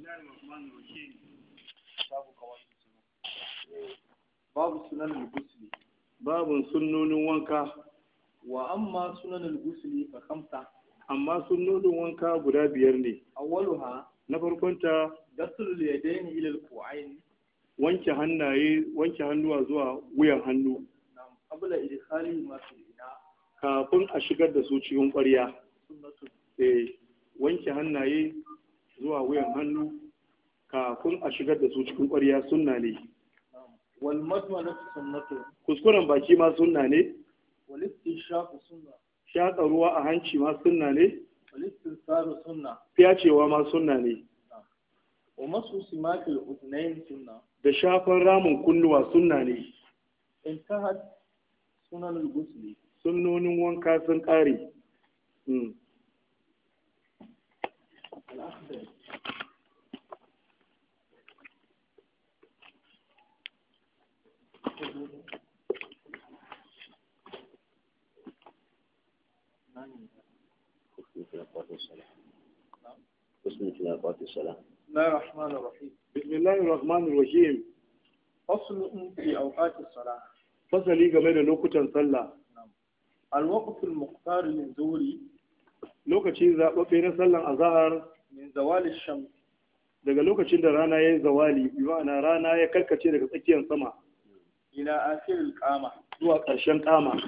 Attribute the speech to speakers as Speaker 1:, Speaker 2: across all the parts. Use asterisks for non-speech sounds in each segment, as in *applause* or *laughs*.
Speaker 1: Eh, babu sunan gusli Babu sunnonin wanka wa amma sunan gusli fa kamsa amma sunnonin wanka guda biyar ne awwaluha na farkon ta. dasul yadayn ila al-qu'ayn wanke hannaye wanke hannuwa zuwa wuyan hannu
Speaker 2: qabla idkhali ma fi ina
Speaker 1: kafin a shigar da su cikin ƙwarya eh wanke hannaye zuwa wuyan hannu kafin a shigar da su cikin ƙwarya sunna ne
Speaker 2: wal matmala sunnatu
Speaker 1: kuskuren baki ma sunna ne
Speaker 2: wal istishaqu sunna
Speaker 1: shaƙa ruwa a hanci ma sunna ne
Speaker 2: wal istinsaru sunna
Speaker 1: fiyacewa ma sunna ne
Speaker 2: wa masu simatil udnain suna.
Speaker 1: da shafan ramin kunnuwa sunna ne ta intahat sunanul ghusli sunnonin wanka sun
Speaker 2: ƙare hmm. بسم الله الرحمن
Speaker 3: الرحيم بسم الله
Speaker 2: الرحمن
Speaker 1: الرحيم
Speaker 2: فصل في أوقات الصلاة
Speaker 1: فصلي game da lokutan الوقت المختار للظهر lokaci zaɓaɓɓe na sallan azahar min zawali sham daga lokacin da rana ya yi zawali bi rana ya karkace daga tsakiyar sama ila asirin kama zuwa ƙarshen kama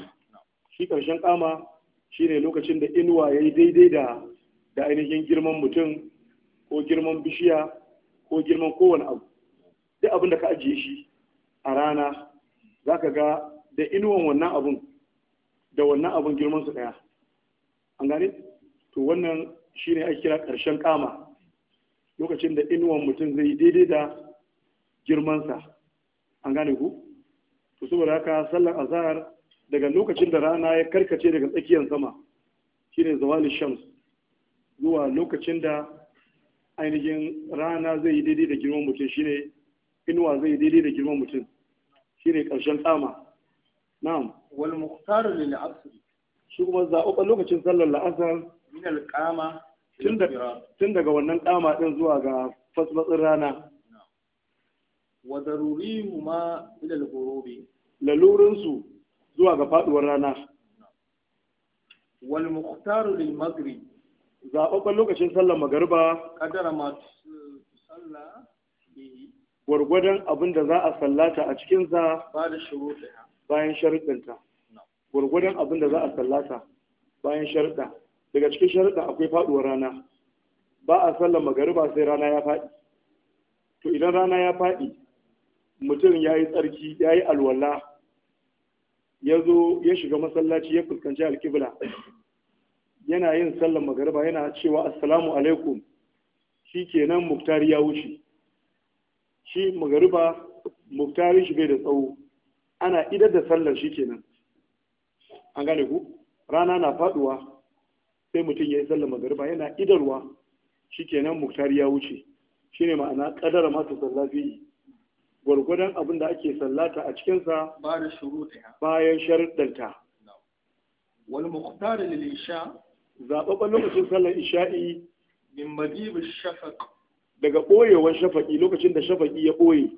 Speaker 1: shi ƙarshen kama shine lokacin da inuwa ya yi daidai da da ainihin girman mutum ko girman bishiya ko girman kowane abu duk abin da ka ajiye shi a rana za ka ga da inuwan wannan abun da wannan abun girman su ɗaya an gane to wannan shi ne ake kira ƙarshen kama lokacin da inuwan mutum zai yi daidai da girmansa an gane ku to saboda haka sallar azahar daga lokacin da rana ya karkace daga tsakiyar sama shine zawali shams zuwa lokacin da ainihin rana zai yi daidai da girman mutum shine inuwa zai yi daidai da girman mutum shine ƙarshen kama. na'am wal muhtar lil asr shi kuma zaɓaɓɓen lokacin sallar la'asar tun daga wannan kama din zuwa ga fasfatsin rana
Speaker 2: wa darurihu ma ila al-ghurubi
Speaker 1: lalurinsu zuwa ga faduwar rana wal mukhtaru lil maghrib zababban lokacin sallar magariba
Speaker 2: qadara ma tusalla bihi
Speaker 1: gwargwadon abin da za a sallata a cikin sa bayan sharuɗinta gwargwadon abin da za a sallata bayan sharuɗa daga cikin sharaɗa akwai faɗuwar rana ba a sallar magariba sai rana ya faɗi to idan rana ya faɗi mutum ya yi tsarki ya yi alwala ya zo ya shiga masallaci ya fuskanci alkibla yana yin sallar magariba yana cewa assalamu alaikum shi kenan muktari ya wuce shi magariba muktari shi bai da tsawo ana idar da sallar shi kenan an gane ku rana na faɗuwa. sai mutum ya yi sallar magariba yana idarwa shikenan muktari ya wuce shine ma'ana kadara masu sallafi gwargwadon abin da ake sallata a cikinsa bayan sharuɗanta
Speaker 2: wani muktari
Speaker 1: lil isha zaɓaɓɓen lokacin sallar isha'i
Speaker 2: min madib shafaq
Speaker 1: daga ɓoyewar shafaƙi lokacin da shafaƙi ya ɓoye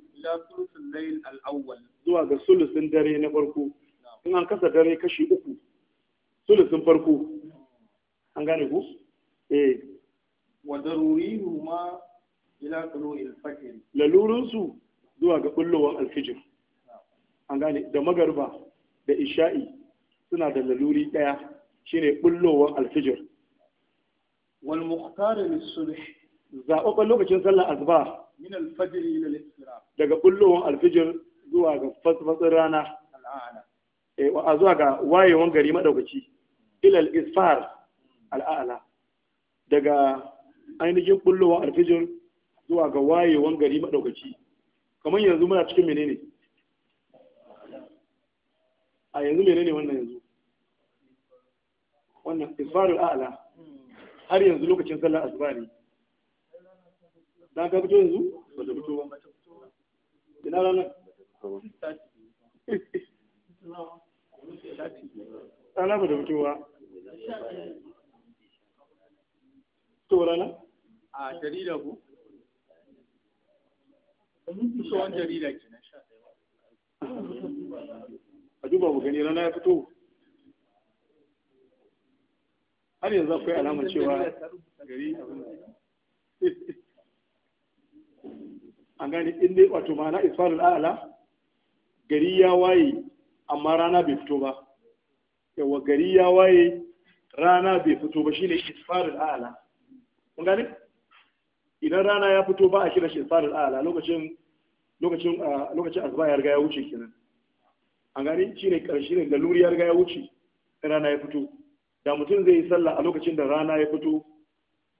Speaker 1: zuwa ga sulusin dare na farko in an kasa dare kashi uku sulusin farko an gane ku
Speaker 2: eh wa daruriyu ma ila tulu'il fajr
Speaker 1: Lalurinsu zuwa ga bullowan alfijir an gane da magarba da isha'i suna da laluri daya shine bullowan alfijir wal muqtar
Speaker 2: lis-subh
Speaker 1: zaɓaɓɓen lokacin sallar asuba min al-fajr ila al daga bullowan alfijir zuwa ga fasfasin rana eh wa zuwa ga wayewan gari madaukaci ila al-isfar al'a'ala daga ainihin bullowa alfijir zuwa ga wayewan gari maɗaukaci kamar yanzu muna cikin menene a yanzu menene wannan yanzu wannan isfarul a'ala har yanzu lokacin sallar asuba ne dan ka fito yanzu ba ta fito ba ina ranar rana ba ta fito ba saurana
Speaker 2: a jarida ku kusurwan jarida ke na sha
Speaker 1: a duba gani rana ya fito har yanzu akwai alamar cewa gari an gani in dai wato ma'ana isfarin ala gari ya waye amma rana bai fito ba yawa gari ya waye rana bai fito ba shine isfarin ala kun gane idan rana ya fito ba a kira shi a ala lokacin lokacin ah, lokacin asuba ya riga ya wuce kenan an gane shi ne karshe ne da luri ya riga ya wuce rana ya fito da mutum zai yi sallah a lokacin da rana ya fito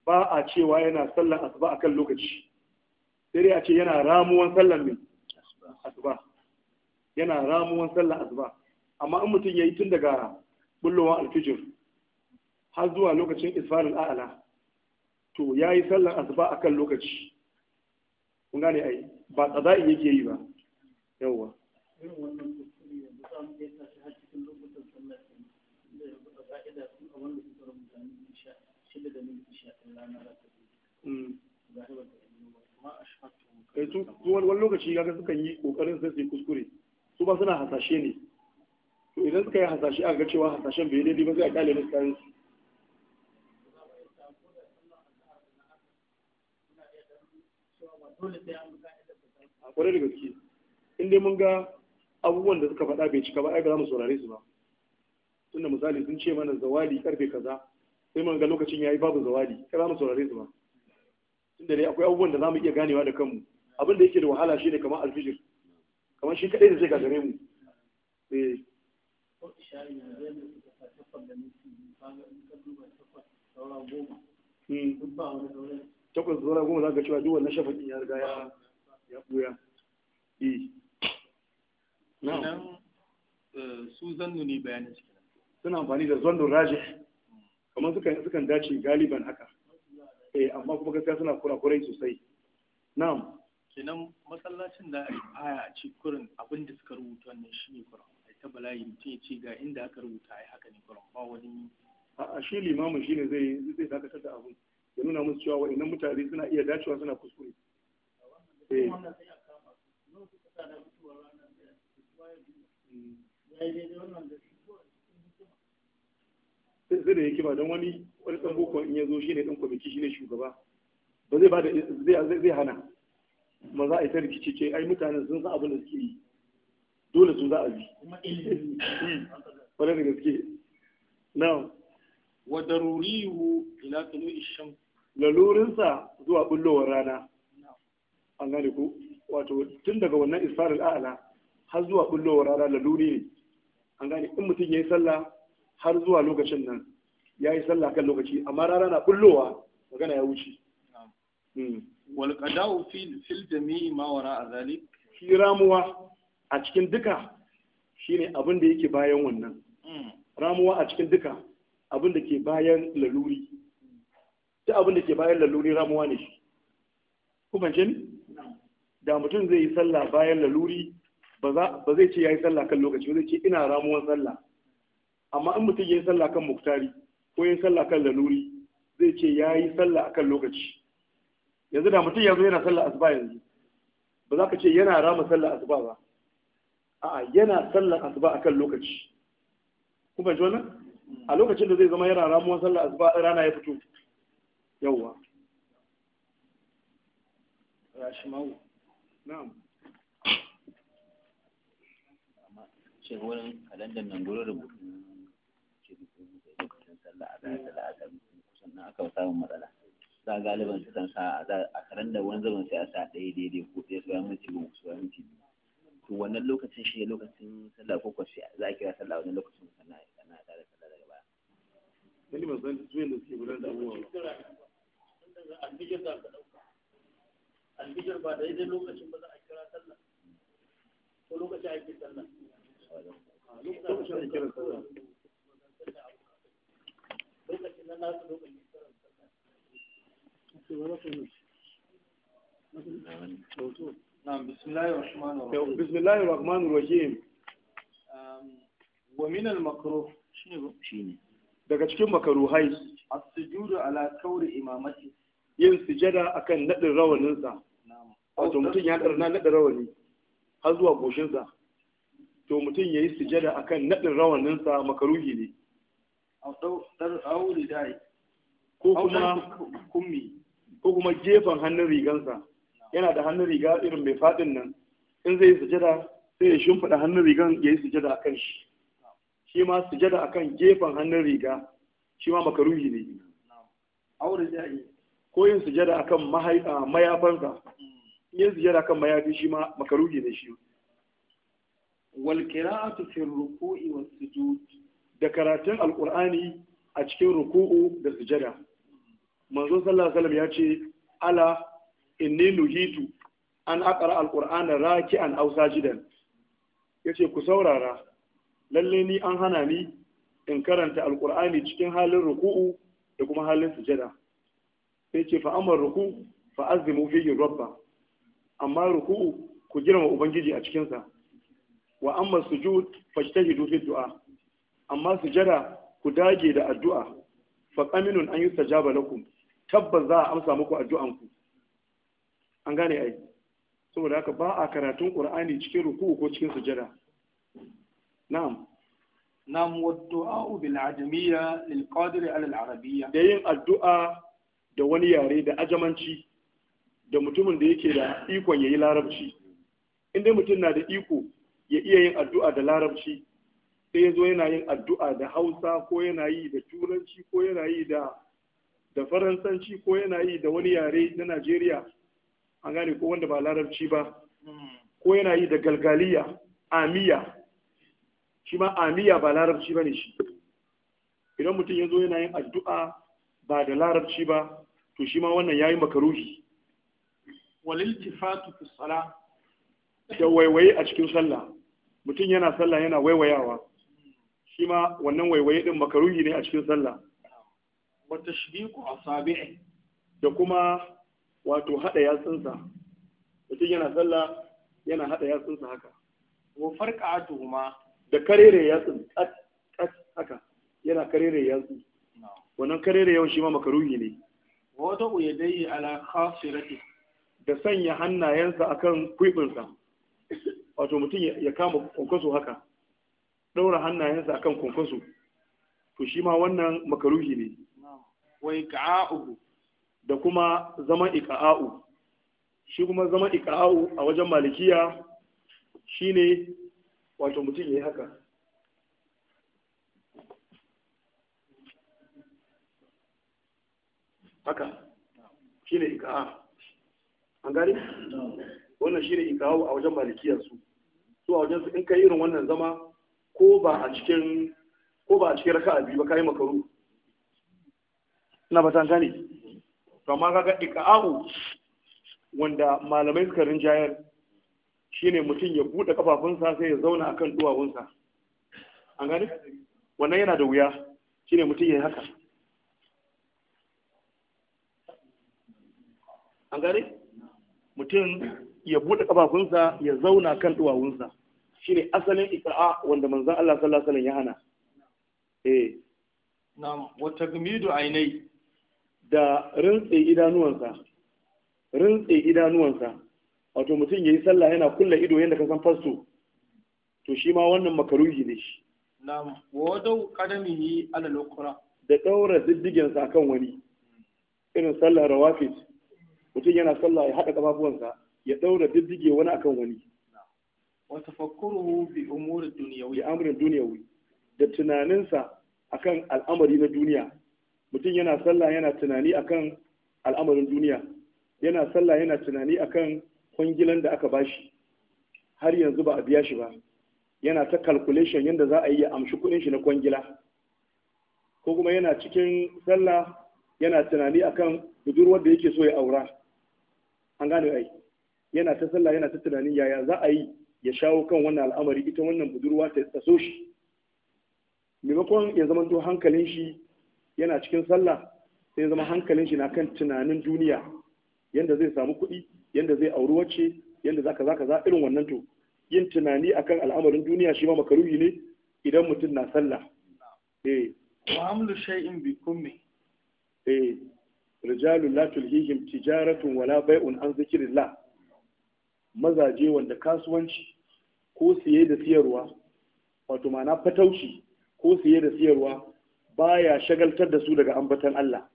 Speaker 1: ba a cewa yana sallah asuba akan lokaci sai dai a ce yana ramuwan sallan ne asuba yana ramuwan sallan asuba amma in mutum ya yi tun daga bullowar alfijir har zuwa lokacin isfarin a'ala to ya yi sallar asuba a kan lokaci kun gane ai ba tsada'i yake yi ba yawwa kai su wani lokaci ga suka yi kokarin sai su kuskure su ba suna hasashe ne to idan suka yi hasashe a ga cewa hasashen bai daidai ba sai a kyale musu kayan
Speaker 2: su a kwarai da
Speaker 1: gaske in dai mun ga abubuwan da suka faɗa bai cika ba ai ba za mu saurare su ba tunda misali sun ce mana zawali karfe kaza sai mun ga lokacin yayi babu zawali kai za mu saurare su ba tunda dai akwai abubuwan da za mu iya ganewa da kanmu abin da yake da wahala shine kamar alfijir kamar shi kadai da zai gagare mu eh hmm. ba wani takwas zuwa goma za ka cewa duk wannan shafin ya riga ya ya ɓuya e. nan
Speaker 2: eh, su zannu ne bayanin cikin
Speaker 1: suna amfani da zannun raji. kamar sukan dace galiban haka eh amma kuma gaskiya suna kura-kurai sosai na'am
Speaker 2: kenan masallacin da aya a ci kurin abin da suka rubuta wannan shi ne kurin ai ta bala'i mutum ya ce ga inda aka rubuta ai haka ne kurin ba wani
Speaker 1: a shi limamin shine zai zai dakatar da abin ya nuna musu cewa wa'annan mutane suna iya dacewa suna
Speaker 2: kuskure Sai
Speaker 1: eh. da yake ba don wani wani ɗan boko in ya zo shi ne ɗan kwamiti shi ne shugaba ba zai bada zai hana ma za a yi ta rikici ce ai mutanen sun san abin da suke yi dole su za a bi hmm. kwarai da gaske na
Speaker 2: wa daruriyu ila tulu isham
Speaker 1: lalurinsa zuwa bullowar rana an gane ku wato tun daga wannan isfarar a'ala har zuwa bullowar rana laluri ne an gane in mutum ya yi sallah har zuwa lokacin nan ya yi sallah kan lokaci amma rana na bullowa magana ya wuce hmm. wal qada'u fil fil jami'i ma wara zalik shi ramuwa a cikin duka shine abin da yake bayan wannan hmm. ramuwa a cikin duka abin da ke bayan laluri ta abin da ke bayan laluri ramuwa ne shi kuma jin da mutum zai yi sallah bayan laluri ba zai ce ya yi sallah kan lokaci ba zai ce ina ramuwan sallah amma in mutum ya yi sallah kan muktari ko ya yi sallah kan laluri zai ce ya yi sallah akan lokaci yanzu da mutum zo yana sallah asuba yanzu ba za ka ce yana rama sallah asuba ba a'a yana sallah asuba akan lokaci kuma ji wannan a lokacin da zai zama yana ramuwan sallah asuba rana ya fito yawwa
Speaker 2: rashimau na'am ce wurin kalandar nan gurin rubutu lokacin
Speaker 3: sallah a zai da zai kusan na aka samun matsala za galiban su san sa a kalandar wani zaman sai a sa ɗaya daidai ko ɗaya su yamma minti ba su yamma minti to wannan lokacin shi ne lokacin sallah ko kwashi za a kira sallah wani lokacin sannan a tare sallah daga baya. Wani masu zuwa da suke gudanar da abubuwa
Speaker 2: ba. alfijir da ka ɗauka ba daidai lokacin ba za a kira sallah ko lokacin ake sallah lokacin na nasu lokacin بسم الله الرحمن الرحيم
Speaker 1: ومن المكروه daga cikin makaruhai as-sujudu ala kawri imamati yin sujada akan naɗin rawaninsa wato mutum ya na naɗin rawani har zuwa goshinsa to mutum ya yi sujada akan naɗin rawaninsa makaruhi ne ko kuma kummi ko kuma gefen hannun rigansa yana da hannun riga irin mai faɗin nan in zai yi sujada sai ya shimfiɗa hannun rigan ya yi sujada akan shi shi ma sujada akan gefen hannun riga shi ma makaruhi ne ko yin sujada akan mayafansa yin sujada akan mayafi shi ma makaruhi ne shi wal qira'atu fi ruku'i was sujud da karatun alqur'ani a cikin ruku'u da sujada manzo sallallahu alaihi wasallam ya ce ala inni nuhitu an aqra alqur'ana raki'an aw sajidan yace ku saurara lalle ni an hana ni in karanta alqur'ani cikin halin ruku'u da kuma halin sujada sai ce fa amma ruku fa azimu fihi rabba amma ruku ku girma ubangiji a cikin sa wa amma sujud fajtahidu fi du'a amma sujada ku dage da addu'a fa qaminun an yustajaba lakum tabbas za a amsa muku addu'an ku an gane ai saboda haka ba a karatun qur'ani cikin ruku ko cikin sujada na'am نعم والدعاء بالعجمية للقادر على العربية دين الدعاء da wani yare da ajamanci da mutumin da yake da ikon ya yi larabci inda mutum na da iko ya iya yin addu'a da larabci sai ya zo yana yin addu'a da hausa ko yana yi da turanci ko yana yi da faransanci ko yana yi da wani yare na najeriya an gane ko wanda ba larabci ba ko yana yi da galgaliya amiya shi ma amiya ba larabci ba ne shi idan mutum ya zo yana yin addu'a ba da larabci ba to shi ma wannan yayi makaruhi walil tifatu fi sala da waiwaye a cikin sallah mutum yana sallah yana waiwayawa shi ma wannan waiwaye din makaruhi ne a cikin sallah wa tashbiqu asabi'i da kuma wato hada yatsunsa mutum yana sallah yana hada yatsunsa haka wa ma. da karere yatsun tsak tsak haka yana karere yatsu wannan karere yau shi ma makaruhi ne wata uyadai ala khasirati da sanya hannayensa akan kwibinsa wato mutum ya kama kwankwaso haka ɗaura hannayensa akan kwankwaso to shi ma wannan makaruhi ne wa iqa'u da kuma zaman iqa'u shi kuma zaman iqa'u a wajen malikiya shine wato mutum yayi haka haka shi ne ika'a an gani wannan shi ne ika'a a wajen malikiyarsu su a wajen su in kai irin wannan zama ko ba a cikin ko ba a cikin raka'a biyu ba kai makaru ina ba tan gane to amma kaga ika'u wanda malamai suka rinjayar shine mutum ya bude kafafunsa sai ya zauna akan duwawunsa an gani wannan yana da wuya shine mutum ya yi haka an gane mutum ya buɗe ƙafafunsa ya zauna kan Shi ne asalin ikra'a wanda manzan Allah sallallahu alaihi ya hana eh
Speaker 2: na'am wa tagmidu ainai
Speaker 1: da rintse idanuwansa rintse idanuwansa wato mutum yayi sallah yana kulla ido yanda ka san fasto to shi ma wannan makaruhi ne shi
Speaker 2: na'am wa wadau qadamihi ala lokura da
Speaker 1: daura diddigen sa kan wani irin sallar rawafid mutum yana sallah ya haɗa ƙafafuwansa ya ɗaura diddige wani akan wani
Speaker 2: wa tafakkuruhu bi
Speaker 1: umuri dunyawi amrin duniyawi. da tunaninsa akan al'amari na duniya mutum yana sallah yana tunani akan al'amarin duniya yana sallah yana tunani akan kwangilan da aka bashi har yanzu ba a biya shi ba yana ta calculation yadda za a yi ya amshi kuɗin shi na kwangila ko kuma yana cikin sallah yana tunani akan budurwar da yake so ya aura an gane ai yana ta sallah yana ta tunanin yaya za a yi ya shawo kan wannan al'amari ita wannan budurwa ta taso shi maimakon ya zama to hankalin shi yana cikin sallah sai ya zama hankalin shi na kan tunanin duniya yanda zai samu kuɗi yanda zai auri wacce yanda zaka zaka za irin wannan to yin tunani akan al'amarin duniya shi ma makaruhi ne idan mutum na sallah eh
Speaker 2: wa amlu shay'in bi
Speaker 1: kummi eh rijalun la tulhihim tijaratun wala bai'un an zikirillah mazaje wanda kasuwanci ko siye da siyarwa wato ma'ana fataushi ko siye da siyarwa baya shagaltar da su daga ambatan Allah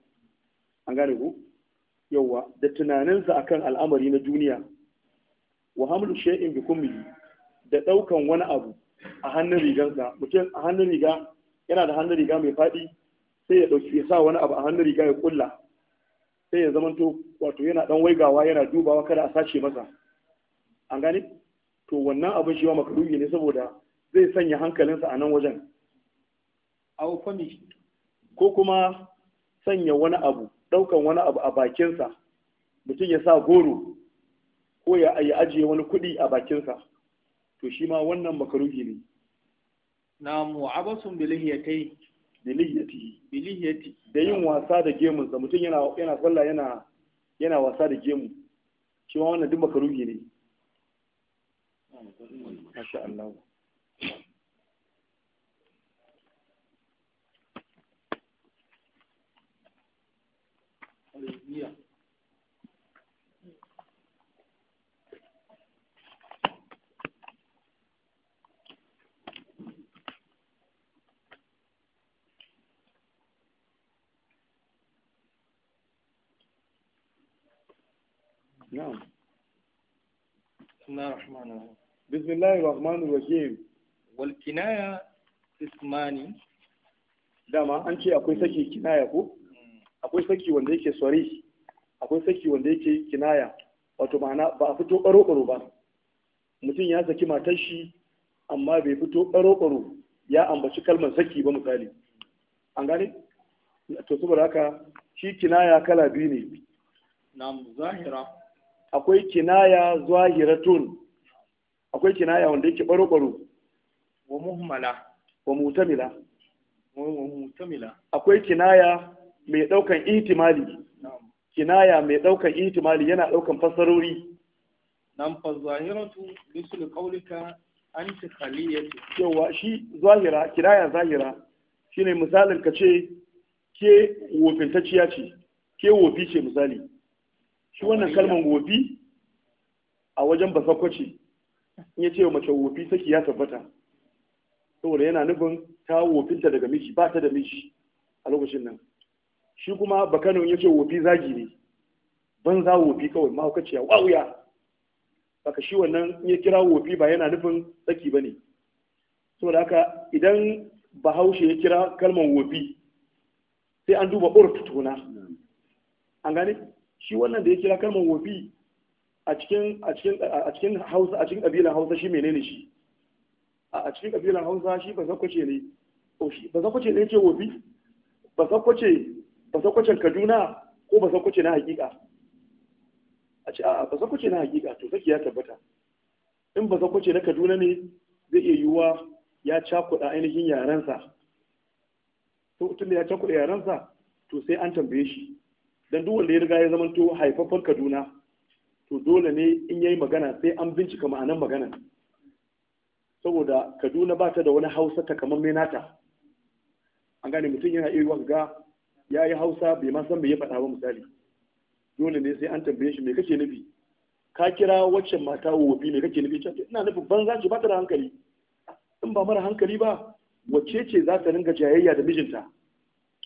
Speaker 1: an gane ku yawa da tunaninsa akan al'amari na duniya wa hamlu shay'in bi kummihi da daukan wani abu a hannun rigansa mutum a hannun riga yana da hannun riga mai fadi sai ya dauki ya sa wani abu a hannun riga ya kulla sai ya zamanto wato yana dan waigawa yana dubawa kada a sace masa an gane to wannan abin shi ma makruhi ne saboda zai sanya hankalinsa a nan wajen
Speaker 2: au fami
Speaker 1: ko kuma sanya wani abu daukan wani abu a bakinsa mutum ya sa goro ko ya ajiye wani kuɗi a bakinsa to shi ma wannan makaruhi ne na mu'abasun kai. biliyati biliyati da yin wasa da gemun sa mutum yana yana yana wasa da gemu shi ma wannan duk makaruhi ne
Speaker 2: masha Allah Yeah.
Speaker 1: الله الرحمن الرحيم بسم الله الرحمن dama an ce akwai saki kinaya ko akwai saki wanda yake swari akwai saki wanda yake kinaya wato ma'ana ba a fito ɓaro-ɓaro ba mutum ya saki matar shi amma bai fito ɓaro-ɓaro ya ambaci kalmar saki ba misali an gane to saboda haka shi kinaya kala biyu ne
Speaker 2: na zahira
Speaker 1: akwai kinaya zahiratun akwai kinaya wanda yake baro-baro wa muhammala wa mutamila
Speaker 2: wa mutamila
Speaker 1: akwai kinaya mai daukan ihtimali kinaya mai daukan ihtimali yana daukan fasarori
Speaker 2: nan fa zahiratu bisul qawlika anta khaliyatu
Speaker 1: cewa shi zahira kinaya zahira shine misalin ka ce ke wofintacciya ce ke wofi ce misali shi wannan kalman wofi a wajen basakwaci in ya ce wa mace wofi saki ya tabbata saboda yana nufin ta wofinta daga miji ba ta da miji a lokacin nan shi kuma bakanin ya ce wofi zagi ne ban za wofi kawai mahaukaciya wawuya baka shi wannan in ya kira wofi ba yana nufin saki ba ne saboda haka idan bahaushe ya kira kalman wofi sai an duba urf tukuna an gane shi wannan da ya kira kalmar wofi a cikin Hausa a cikin kabilan Hausa shi menene shi a cikin kabilan Hausa shi ba zakwace ne o ba zakwace ne ce wofi ba zakwace ba Kaduna ko ba zakwace na hakika a ce a'a ba zakwace na hakika to saki ya tabbata in ba zakwace na Kaduna ne zai iya yiwuwa ya cakuɗa ainihin yarensa to da ya cakuɗa yarensa to sai an tambaye shi dan duk wanda ya riga ya to haifafar Kaduna to dole ne in yayi magana sai an bincika ma'anan magana saboda Kaduna ba ta da wani Hausa ta kamar nata an gane mutum yana iya ga ya yi Hausa bai ma san me ya faɗa ba misali dole ne sai an tambaye shi me kake nufi ka kira wacce mata wofi me kake nufi ina nufin banza ce ba ta da hankali in ba mara hankali ba wacce ce za ta ringa jayayya da mijinta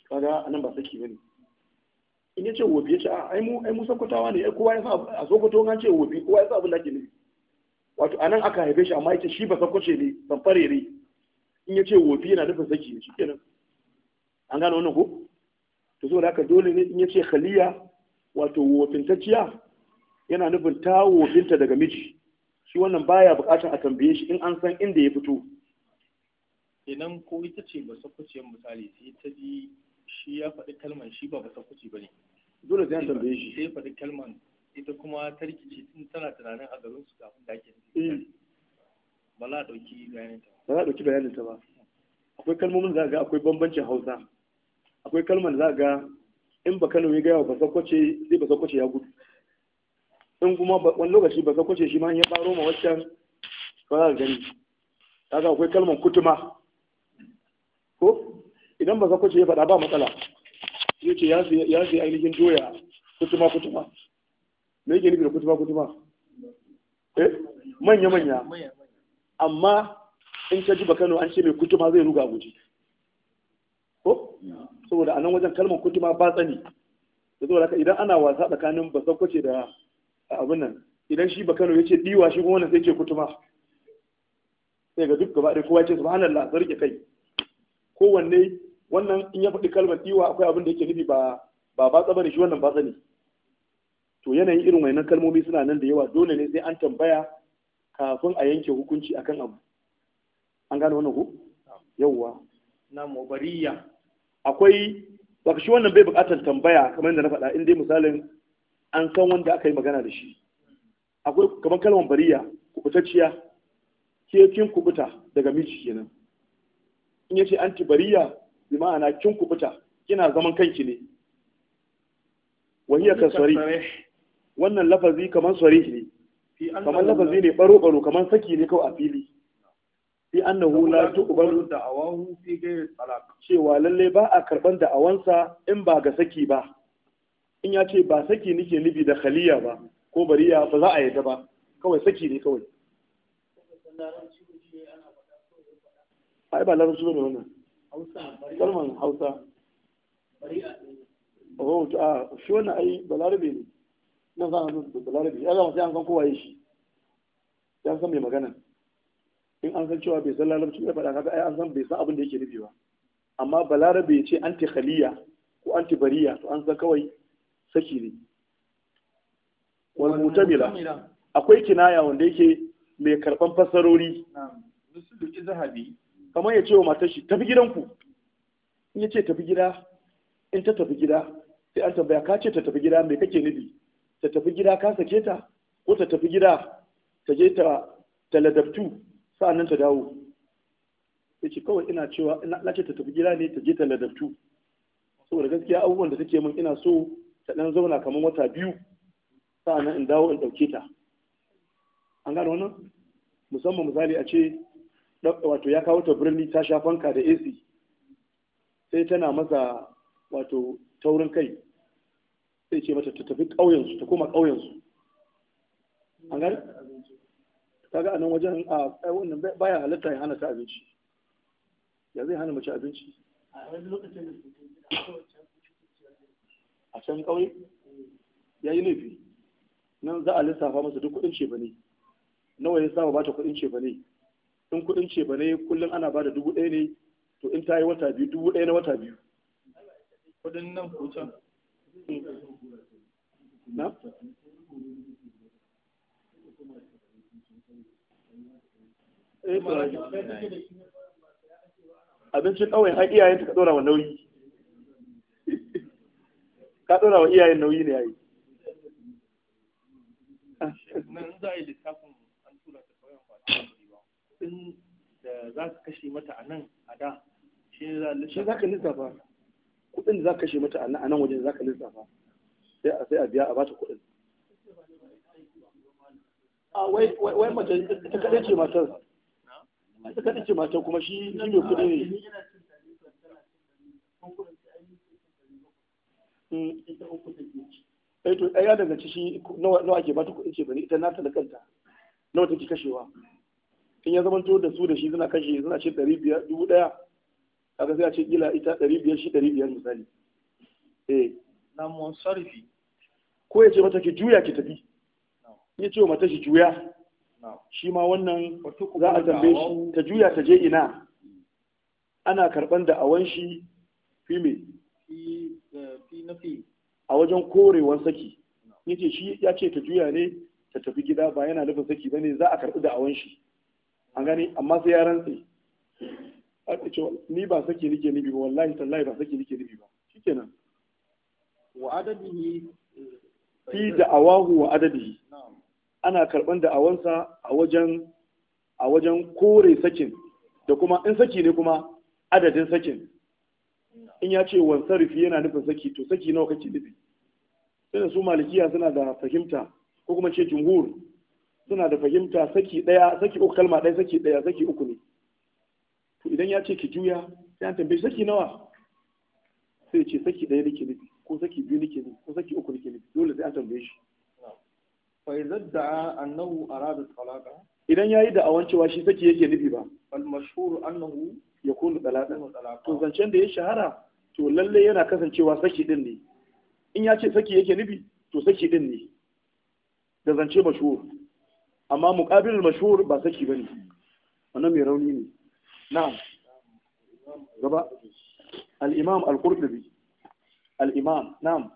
Speaker 1: kaga anan ba saki bane in ya ce wobi? ya ce a ah, ai mu mu sokotawa ne kowa ya sa a sokoto an ce wobi? kowa ya sa abin da ke wato anan aka haife shi amma ya shi ba sokoce ne ban fare ne in ya ce wobi yana nufin saki ne shikenan an gane wannan ko to saboda haka dole ne in ya ce khaliya wato wofintacciya yana nufin ta wofinta daga miji shi wannan baya bukatar a tambaye shi in an san inda ya fito
Speaker 2: kenan ko ita ce ba sokoce misali sai ta ji shi ya faɗi kalmar shi ba basa kuci ba ne dole sai ya tambaye shi sai faɗi kalmar ita kuma tarki rikici tun tana tunanin a garin su kafin da ake eh. ba za a ɗauki bayaninta.
Speaker 1: ba za a ɗauki bayaninta ba akwai kalmomin za ga akwai bambancin hausa akwai kalmar za ga in ba kano ya gaya wa basakwace zai basakwace ya gudu in kuma wani lokaci basakwace shi ma ya ɓaro ma waccan ba za a gani kaga akwai kalmar kutuma ko idan ba zakwace ya faɗa ba matsala ya ce ya sai ainihin doya kutuma kutuma me yake nufi da kutuma kutuma eh
Speaker 2: manya manya
Speaker 1: amma in ka ji bakano an ce mai kutuma zai ruga guji ko saboda a nan wajen kalmar kutuma ba tsani da zuwa laka idan ana wasa tsakanin kwace da abin nan idan shi bakano ya ce diwa shi kuma wannan sai ke kutuma sai ga duk gaba ɗaya kowa ce subhanallah sai ke kai kowanne wannan in ya faɗi kalmar iwa akwai abin da yake nufi ba ba ba tsaba shi wannan ba ne. to yanayin irin wannan kalmomi suna nan da yawa dole ne sai an tambaya kafin a yanke hukunci akan abu an gane wannan ku yawwa na mubariya akwai baka shi wannan bai buƙatar tambaya kamar yadda na faɗa in dai misalin an san wanda aka yi magana da shi akwai kamar kalmar bariya kubutacciya ke kin kubuta daga miji kenan in yace anti bariya bi ma'ana kin kubuta kina zaman kanki ne
Speaker 2: wahiya ka sarih
Speaker 1: wannan lafazi kamar sarih ne kamar lafazi ne baro baro kamar saki ne kawai a fili fi annahu la tuqbalu da'awahu fi ghayri talaq cewa lalle ba a karban da'awansa in ba ga saki ba in ya ce ba saki nake nubi da khaliya ba ko bariya ba za a yarda ba kawai saki ne kawai ai ba su ne wannan kalman hausa oh a ah, shi wani ai balarabe ne nan za a zo da balarabe ya zama sai an san kowa ya shi ya san mai magana in an san cewa bai san larabci ya faɗa kaga ai an san bai san abin da yake nufi ba amma balarabe ce anti khaliya ko anti bariya to an san kawai saki ne wal mutamila akwai kinaya wanda yake mai karban fasarori
Speaker 2: na'am misali zahabi
Speaker 1: kamar ya ce wa matar shi tafi gidanku in ya ce tafi gida in ta tafi gida sai an tambaya ka ce ta tafi gida mai kake nufi ta tafi gida ka sake ta ko ta tafi gida ta je ta taladabtu ladabtu sa'annan ta dawo sai ce kawai ina cewa na ce ta tafi gida ne ta je ta ladabtu saboda gaskiya abubuwan da take min ina so ta dan zauna kamar wata biyu sa'annan in dawo in dauke ta an gano wannan musamman misali a ce wato ya kawo ta birni ta sha fanka da AC sai tana masa wato taurin kai sai ce mata ta tafi ƙauyensu ta koma ƙauyensu an gani kaga a nan wajen a wannan baya halatta ya hana ta abinci ya zai hana mace abinci a can ƙauye ya yi laifi nan za a lissafa masa duk kuɗin ce ba ne nawa ya saba ba ta kuɗin ce ba ne in kuɗin ce ba ne kullum ana ba da dubu ɗaya ne to in ta yi wata biyu dubu ɗaya na wata biyu
Speaker 2: kudin nan ko can na eh,
Speaker 1: abincin ƙauyen har iyayen ka ɗora wa nauyi *laughs* ka ɗora wa iyayen nauyi ne yayi nan za a yi littafin kuɗin da za ka kashe mata a nan a da shi za ka lissafa kuɗin da za ka kashe mata a nan wajen za ka lissafa sai a biya a bata kuɗin
Speaker 2: a wai mace ta kaɗai ce matar ta kaɗai ce matar kuma
Speaker 1: shi shi mai kuɗi ne eh, ai to ya daga ci shi nawa ake bata kuɗin ce bari ita na ta da kanta nawa take kashewa in ya zama da su da shi suna kashe suna ce ɗari biyar dubu ɗaya kaga sai a ce kila ita ɗari biyar shi ɗari biyar misali
Speaker 2: eh na sarfi
Speaker 1: ko ya ce mata ki juya ki tafi ya ce wa mata shi juya shi ma wannan za a tambaye shi ta juya ta je ina ana karɓar da awan shi fi me
Speaker 2: eh,
Speaker 1: a wajen korewan saki ce shi ya ce ta juya ne ta tafi gida ba yana nufin saki bane za a karɓi da awan shi an gani amma sai ya rantse aka ce ni ba sake nike nibi ba wallahi tallahi ba sake nike nibi ba shikenan
Speaker 2: wa adadihi eh, fi
Speaker 1: da'awahu wa adadihi ana karban da'awansa a wajen a wajen kore sakin da kuma in saki ne kuma adadin sakin in ya ce wansarifi yana nufin saki to saki nawa kake nufi sai da su malikiya suna da fahimta ko kuma ce jumhur suna da fahimta saki ɗaya saki uku kalma ɗaya saki ɗaya saki uku ne to idan ya ce ki juya sai an tambaye saki nawa sai ce saki ɗaya nake nufi ko saki biyu nake nufi ko saki uku nake nufi dole sai an tambaye shi
Speaker 2: fa yadda annahu arada talaqa
Speaker 1: idan yayi da awan cewa shi saki yake nufi ba al mashhur annahu yakunu talaqa to zancen da ya shahara to lalle yana kasancewa saki din ne in ya ce saki yake nufi to saki din ne da zance mashhur amma muƙabilin mashhur ba saki ba ne. wannan mai rauni ne na'am gaba Al'imam imam al-qurtubi na'am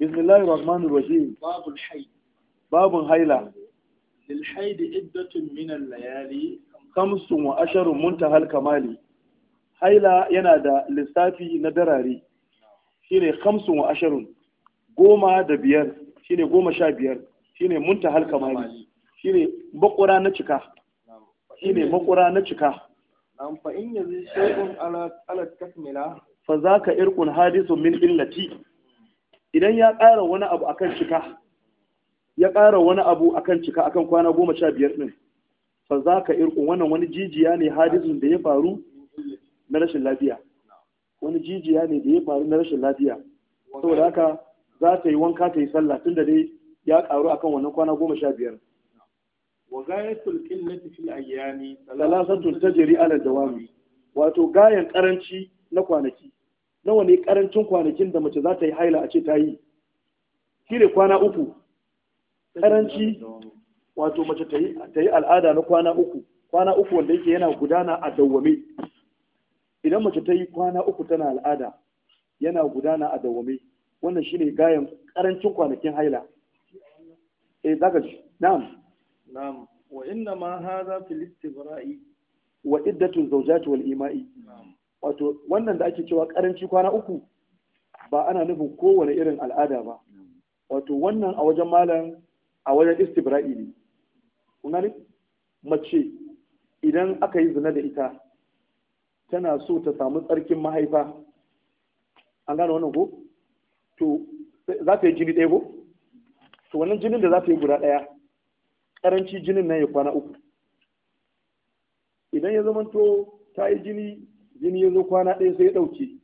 Speaker 1: بسم الله الرحمن الرحيم
Speaker 2: باب الحيض
Speaker 1: باب wa
Speaker 2: للحيض عدة من الليالي
Speaker 1: خمس وعشر منتهى الكمال هيلة ينادى للسافي ندراري خمس وعشر goma da biyar shine goma sha biyar shine munta halka mali shine makura na cika shine makura na cika
Speaker 2: fa in yanzu shaikun ala takmila
Speaker 1: fa za ka irkun hadisu min illati idan ya ƙara wani abu akan cika ya ƙara wani abu akan cika akan kwana goma sha biyar ɗin fa za ka irkun wannan wani jijiya ne hadisin da ya faru na rashin lafiya wani jijiya ne da ya faru na rashin lafiya saboda haka za ta yi wanka ta yi sallah tunda dai ya karu akan wannan kwana goma sha biyar
Speaker 2: wa gayatul
Speaker 1: qillati fil ayyami salasatun tajri ala dawami wato gayan karanci na kwanaki nawa ne karancin kwanakin da mace za ta yi haila a ce ta yi shine kwana uku
Speaker 2: karanci
Speaker 1: wato mace ta yi ta yi al'ada na kwana uku kwana uku wanda yake yana gudana a dawwame idan mace ta yi kwana uku tana al'ada yana gudana a dawwame wannan shine gayan karancin kwanakin haila eh zaka ji na'am
Speaker 2: na'am wa inna
Speaker 1: ma hadha fil istibra'i wa iddatu zawjati wal ima'i wato wannan da ake cewa karanci kwana uku ba ana nufin kowane irin al'ada ba wato wannan a wajen malam a wajen istibra'i ne kun gani mace idan aka yi zina da ita tana so ta samu tsarkin mahaifa an gane wannan ko to za ta yi jini ɗaya ko to wannan jinin da za ta yi guda ɗaya ƙaranci jinin nan ya kwana uku idan ya to ta yi jini jini ya zo kwana ɗaya sai ya ɗauke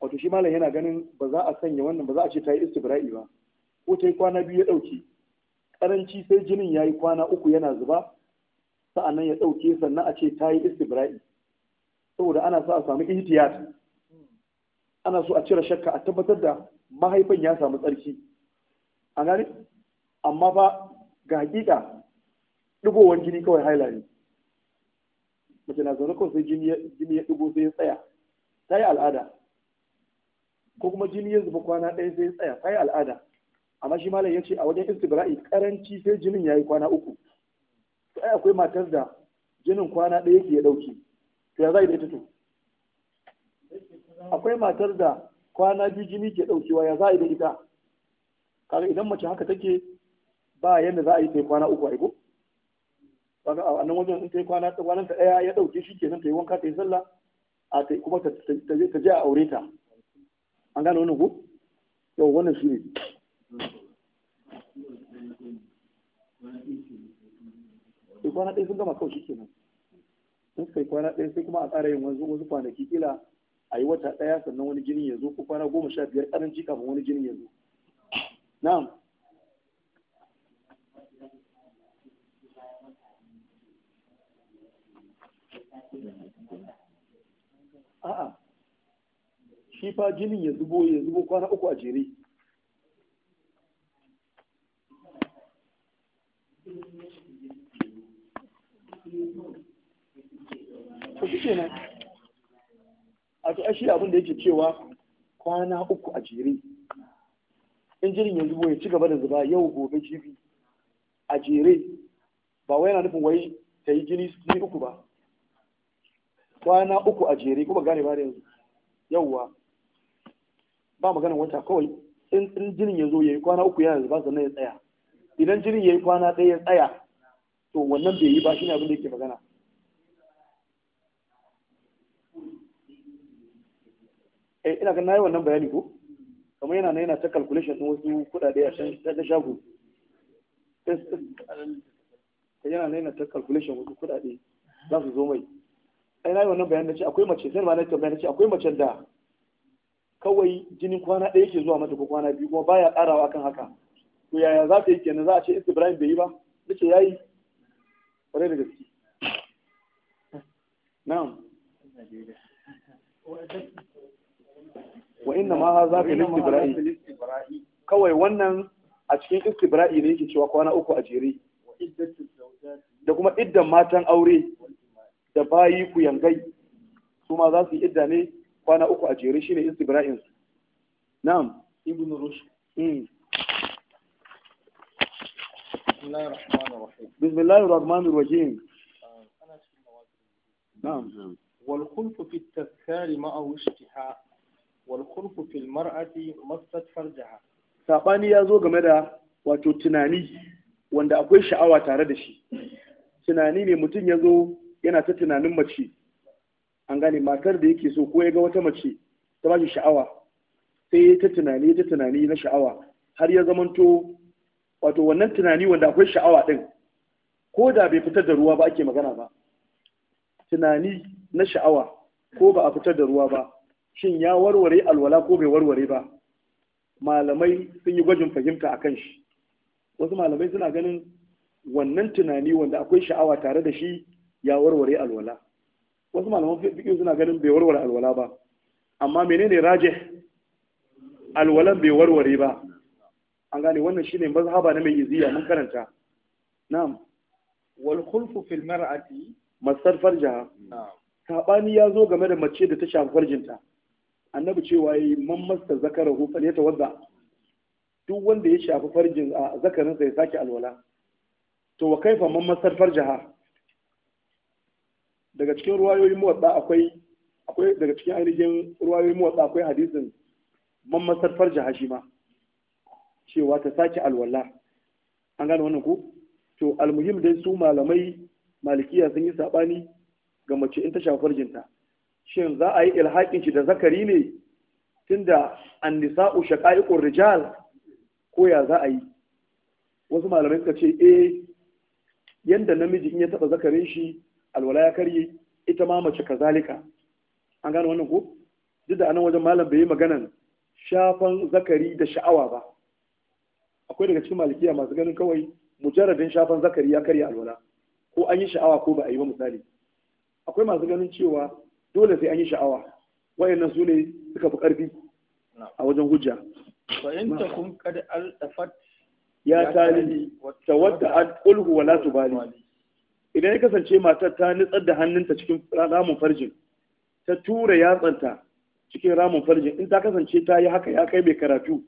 Speaker 1: wato shi malam yana ganin ba za a sanya wannan ba za a ce ta yi istibra'i ba ko ta yi kwana biyu ya ɗauke ƙaranci sai jinin ya yi kwana uku yana zuba sa'annan ya ɗauke sannan a ce ta yi istibra'i saboda ana sa a samu ihtiyat ana so a cire shakka a tabbatar da mahaifin ya samu tsarki a gani amma ba ga hakika ɗigowar jini kawai haila ne mace na zaune kawai sai jini ya ɗigo sai ya tsaya ta yi al'ada ko kuma jini ya zuba kwana ɗaya sai ya tsaya ta yi al'ada amma shi malam ya ce a wajen istibra'i karanci sai jinin ya yi kwana uku to ai akwai matar da jinin kwana ɗaya ke ya ɗauki to ya za yi da ita to akwai matar da kwana biyu jini ke ɗaukewa ya za a yi da ita kaga idan mace haka take ba yadda za a yi ta kwana uku aiko kaga a wannan wajen in ta yi kwana ta ɗaya ya ɗauke shi ke nan ta yi wanka ta yi sallah a ta kuma ta je a aure ta an gane wani ko yau wannan shi ne kwana ɗaya sun gama kawai shi ke nan in sai kwana ɗaya sai kuma a tsara yin wasu kwanaki kila a yi wata ɗaya sannan wani jinin ya zo ko kwana goma sha biyar ƙaranci kafin wani jinin ya zo
Speaker 2: na'am a'a
Speaker 1: shi fa jinin ya zubo ya zubo kwana uku a jere Thank you. a to shi abin da yake cewa kwana uku a jere in jirin ya zubo ya ci gaba da zuba yau gobe jibi a jere ba wai yana nufin wai ta yi jini ni uku ba kwana uku a jere kuma gane ba da yanzu yauwa ba maganin wata kawai in jinin ya zo ya yi kwana uku yana zuba sannan ya tsaya idan jinin ya yi kwana ɗaya ya tsaya to wannan bai yi ba shi ne abin da yake magana Eh, ina ga nayi wannan bayani ko kuma yana yana ta calculation din wasu kudade a can da shago eh, yana yana ta calculation wasu kudade za su zo mai ai nayi wannan bayani nace akwai mace sai ma na tambaya nace akwai macen da kawai jinin kwana ɗaya ke zuwa mata ko kwana biyu kuma baya ƙarawa akan haka to yaya za ta yi kenan za a ce Ibrahim bai yi ba nace yayi kwarai da gaske na'am wa inna ma haza fil
Speaker 2: istibra'i
Speaker 1: kawai wannan a cikin istibra'i ne yake cewa kwana uku a jere da kuma iddan matan aure da bayi ku yangai su ma za su yi idda ne kwana uku a jere shine istibra'in su na'am ibn rush بسم الله الرحمن الرحيم نعم
Speaker 2: والخلف في التذكار معه اشتهاء wal khulqu fil mar'ati massat farjaha
Speaker 1: sabani ya zo game da wato tunani wanda akwai sha'awa tare da shi tunani ne mutum ya zo yana ta tunanin mace an gane matar da yake so ko ya ga wata mace ta ba shi sha'awa sai ya ta tunani ta tunani na sha'awa har ya zamanto wato wannan tunani wanda akwai sha'awa din ko da bai fitar da ruwa ba ake magana ba tunani na sha'awa ko ba a fitar da ruwa ba shin ya warware alwala ko bai warware ba malamai sun yi gwajin fahimta a kan shi wasu malamai suna ganin wannan tunani wanda akwai sha'awa tare da shi ya warware alwala wasu malaman fiƙi suna ganin bai warware alwala ba amma menene Raje? alwalan bai warware ba an gane wannan shine haba na mai iziya mun karanta na'am
Speaker 2: wal khulfu
Speaker 1: fil mar'ati masar farja. na'am sabani ya zo game da mace da ta shafi farjinta annabi cewa yi mammasta masta zakara hu fal duk wanda ya shafi farjin a zakarinsa ya sake alwala to wa kaifa man masar farjaha daga cikin ruwayoyin muwadda akwai akwai daga cikin ainihin ruwayoyin muwadda akwai hadisin man farjaha shi ma cewa ta sake alwala an gane wannan ku to almuhim dai su malamai malikiya sun yi sabani ga mace in ta shafi farjinta shin za a yi ilhaƙin shi da zakari ne tunda annisa'u shaqa'iqur rijal ko ya za a yi wasu malamai suka ce e eh, yadda namiji in ya taɓa zakarin shi alwala ya karye ita ma mace kazalika an gane wannan ko duk da anan wajen malam bai yi maganan shafan zakari da sha'awa ba akwai daga cikin malikiya masu ganin kawai mujarradin shafan zakari ya karya alwala ko an yi sha'awa ko ba a yi ba misali akwai masu ganin cewa dole sai an yi sha'awa wayannan su ne suka fi ƙarfi a wajen hujja
Speaker 2: fa in takum qad al-afat ya talibi
Speaker 1: tawadda an qulhu wala tubali idan ya kasance matar ta nutsar da hannunta cikin ramun farjin ta tura yatsanta cikin ramun farjin in ta kasance ta yi haka ya kai mai karatu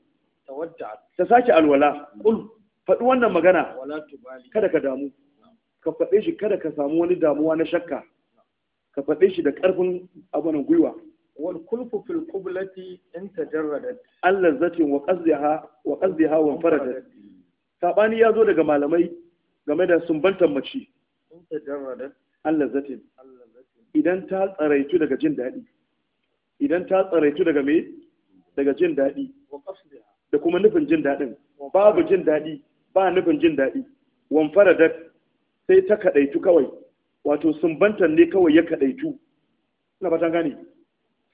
Speaker 1: ta sake alwala qul faɗi wannan magana kada ka damu ka faɗe shi kada ka samu wani damuwa na shakka ka faɗe shi da ƙarfin abunan gwiwa wal kulfu fil qublati in tajarradat Allah zatin wa qazdaha wa qazdaha wa faradat sabani ya zo daga malamai game da sumbantar mace
Speaker 2: in tajarradat
Speaker 1: Allah idan ta tsaraitu daga jin daɗi idan ta tsaraitu daga me daga jin daɗi da kuma nufin jin daɗin babu jin daɗi ba nufin jin daɗi wan faradat sai ta kaɗaitu kawai wato sumbanta ne kawai ya kadaitu na batan gane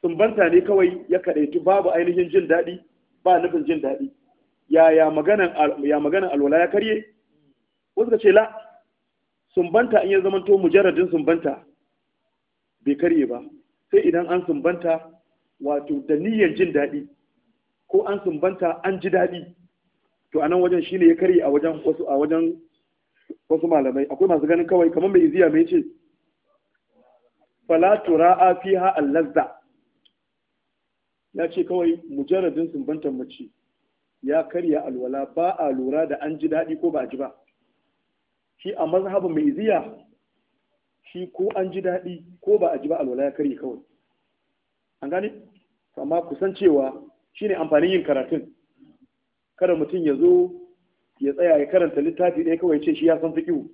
Speaker 1: sumbanta ne kawai ya kadaitu babu ainihin jin daɗi ba nufin jin daɗi ya ya maganan alwala ya karye wasu ka ce la sumbanta in ya to mujaradin sumbanta bai karye ba sai idan an sumbanta wato da niyyar jin daɗi ko an sumbanta an ji daɗi to anan wajen shine ya karye a wajen wasu a wajen wasu malamai akwai masu ganin kawai kamar mai iziya mai ce fala tura'a fiha allazza ya ce kawai mujarradin sumbantar mace ya karya alwala ba a lura da an ji daɗi ko ba a ji ba shi a mazhabin mai iziya shi ko an ji daɗi ko ba a ji ba alwala ya karye kawai an gane amma kusan cewa shine amfanin yin karatun kada mutum ya zo ya tsaya ya karanta littafi ɗaya kawai ce shi ya san fiƙihu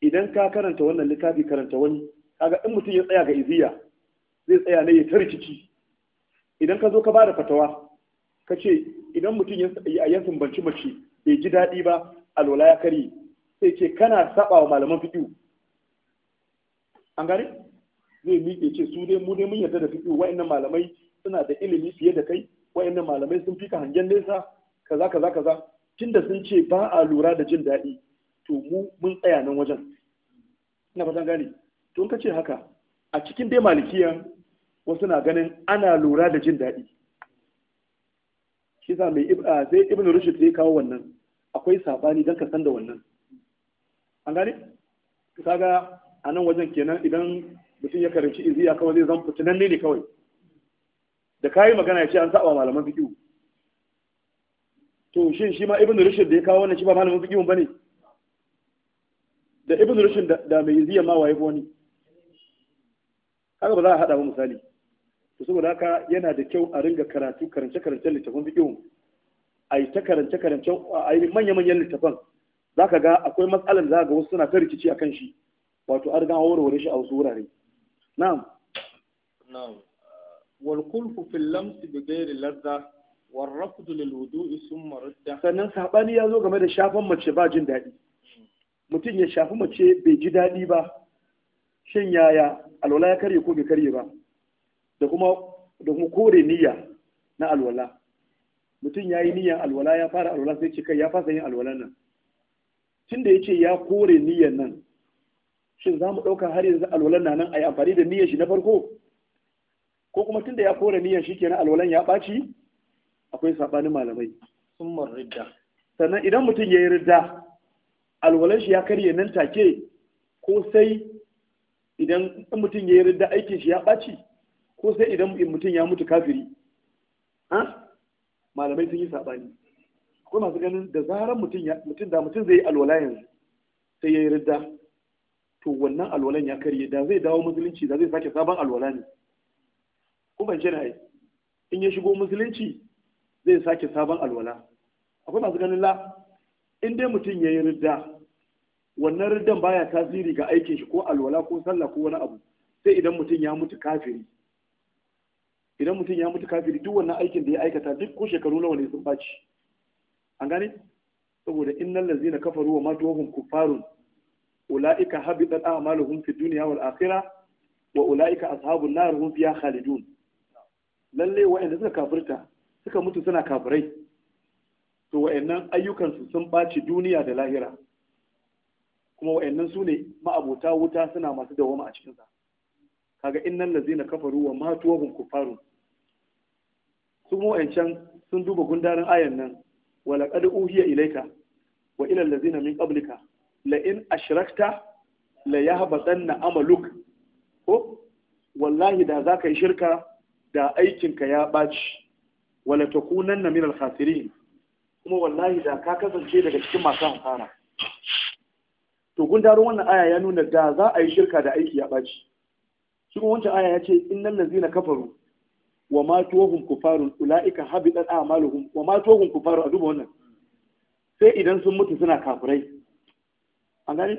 Speaker 1: idan ka karanta wannan littafi karanta wani kaga in mutum ya tsaya ga iziya zai tsaya ne ya ta rikici idan ka zo ka bada fatawa ka ce idan mutum ya yi a sumbanci mace bai ji daɗi ba alwala ya kare sai ce kana saba wa malaman fiƙihu an gane zai miƙe ce su dai mu dai mun yarda da fiƙihu wa'annan malamai suna da ilimi fiye da kai wa'annan malamai sun fi ka hangen nesa kaza kaza kaza tunda sun ce ba a lura da jin daɗi to mu mun tsaya nan wajen ina fatan gane to in ka ce haka a cikin dai malikiyan wasu na ganin ana lura da jin daɗi shi sa mai sai ibn rushd zai kawo wannan akwai sabani don ka san da wannan an gane kaga a nan wajen kenan idan mutum ya karanci iziya kawai zai zan fitinan ne kawai da kayi magana ya ce an saba malaman fiqh to shin shi ma ibn rushd da ya kawo wannan shi ba malamin fiqh bane da ibn rushd da mai ziyan ma waye wani haka ba za a hada ba misali to saboda haka yana da kyau a ringa karatu karance karance littafin fiqh a yi ta karance karance a yi manya manyan littafan zaka ga akwai matsalar za ga wasu suna ta rikici akan shi wato an riga an warware shi a wasu wurare na'am na'am wal kulfu fil lamsi bi ghairi ladha warrafdu lil wudu'i summa radda sannan sabani ya zo game da shafan mace ba jin daɗi mutum ya shafi mace bai ji daɗi ba shin yaya alwala ya karye ko bai karye ba da kuma da kuma kore niyya na alwala mutum ya yi niyyar alwala ya fara alwala sai ce kai ya fasa yin alwalan nan tunda yace ya ce ya kore niyyar nan shin za mu ɗauka har yanzu alwalan na nan a yi amfani da niyyar shi na farko ko kuma tunda ya kore niyyar shi kenan alwalan ya ɓaci akwai sabanin malamai
Speaker 2: summan ridda
Speaker 1: sannan idan mutum ya yi ridda alwalan shi ya karye nan take ko sai idan mutum ya yi ridda aikin shi ya ɓaci ko sai idan mutum ya mutu kafiri ha? malamai sun yi sabani akwai masu ganin da zarar mutum da mutum zai yi alwala yanzu sai ya yi ridda to wannan alwalan ya karye da zai dawo musulunci da zai sake sabon alwala ne ko ban ce na in ya shigo musulunci zai sake sabon alwala akwai masu ganin la in dai mutum ya yi ridda wannan riddan baya tasiri ga aikin shi ko alwala ko sallah ko wani abu sai idan mutum ya mutu kafiri idan mutum ya mutu kafiri duk wannan aikin da ya aikata duk ko shekaru nawa ne sun baci an gane saboda innal ladzina kafaru wa matu hum kuffarun ulaika habitat a'maluhum fid dunya wal akhirah wa ulaika ashabun nar hum fiha khalidun lalle wa'anda suka kafirta suka mutu suna kafirai to wa'annan ayyukansu sun baci duniya da lahira kuma wayannan su ne ma'abota wuta suna masu dawama a cikinsa kaga innan lazina kafaru wa matuwahum kufaru su mu wa'ancan sun duba gundarin ayan nan wa laqad uhiya ilayka wa ila allazina min qablika la in ashrakta la yahbatanna amaluk ko wallahi da zaka yi shirka da aikinka ya ɓaci wala kunan min minal khasirin kuma wallahi da ka kasance daga cikin masu hasara to gundarin wannan aya ya nuna da za a yi shirka da aiki ya ɓaci shi kuma wancan aya ya ce innal zina kafaru wa matuwahum kufaru ulaika ɗan amaluhun wa kufaru a duba wannan sai idan sun mutu suna kafirai a gani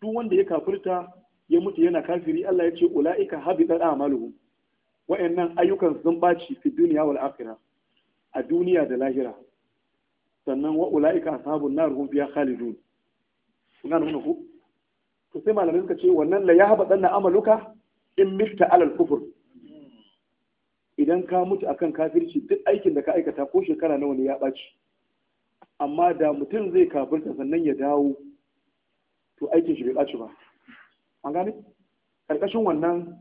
Speaker 1: duk wanda ya kafirta ya mutu yana kafiri Allah ya ce ulaika habitat a'maluhum wa'annan ayyukan sun ɓaci fi duniya wal akhirah a duniya da lahira sannan wa ula'ika ashabun nar hum fiha khalidun kuna nuna ku to sai malamai suka ce wannan la yahba danna amaluka in mitta alal kufur idan ka mutu akan kafirci duk aikin da ka aikata ko shekara nawa ne ya ɓaci amma da mutum zai kafirta sannan ya dawo to aikin shi bai ɓaci ba an gane ƙarƙashin wannan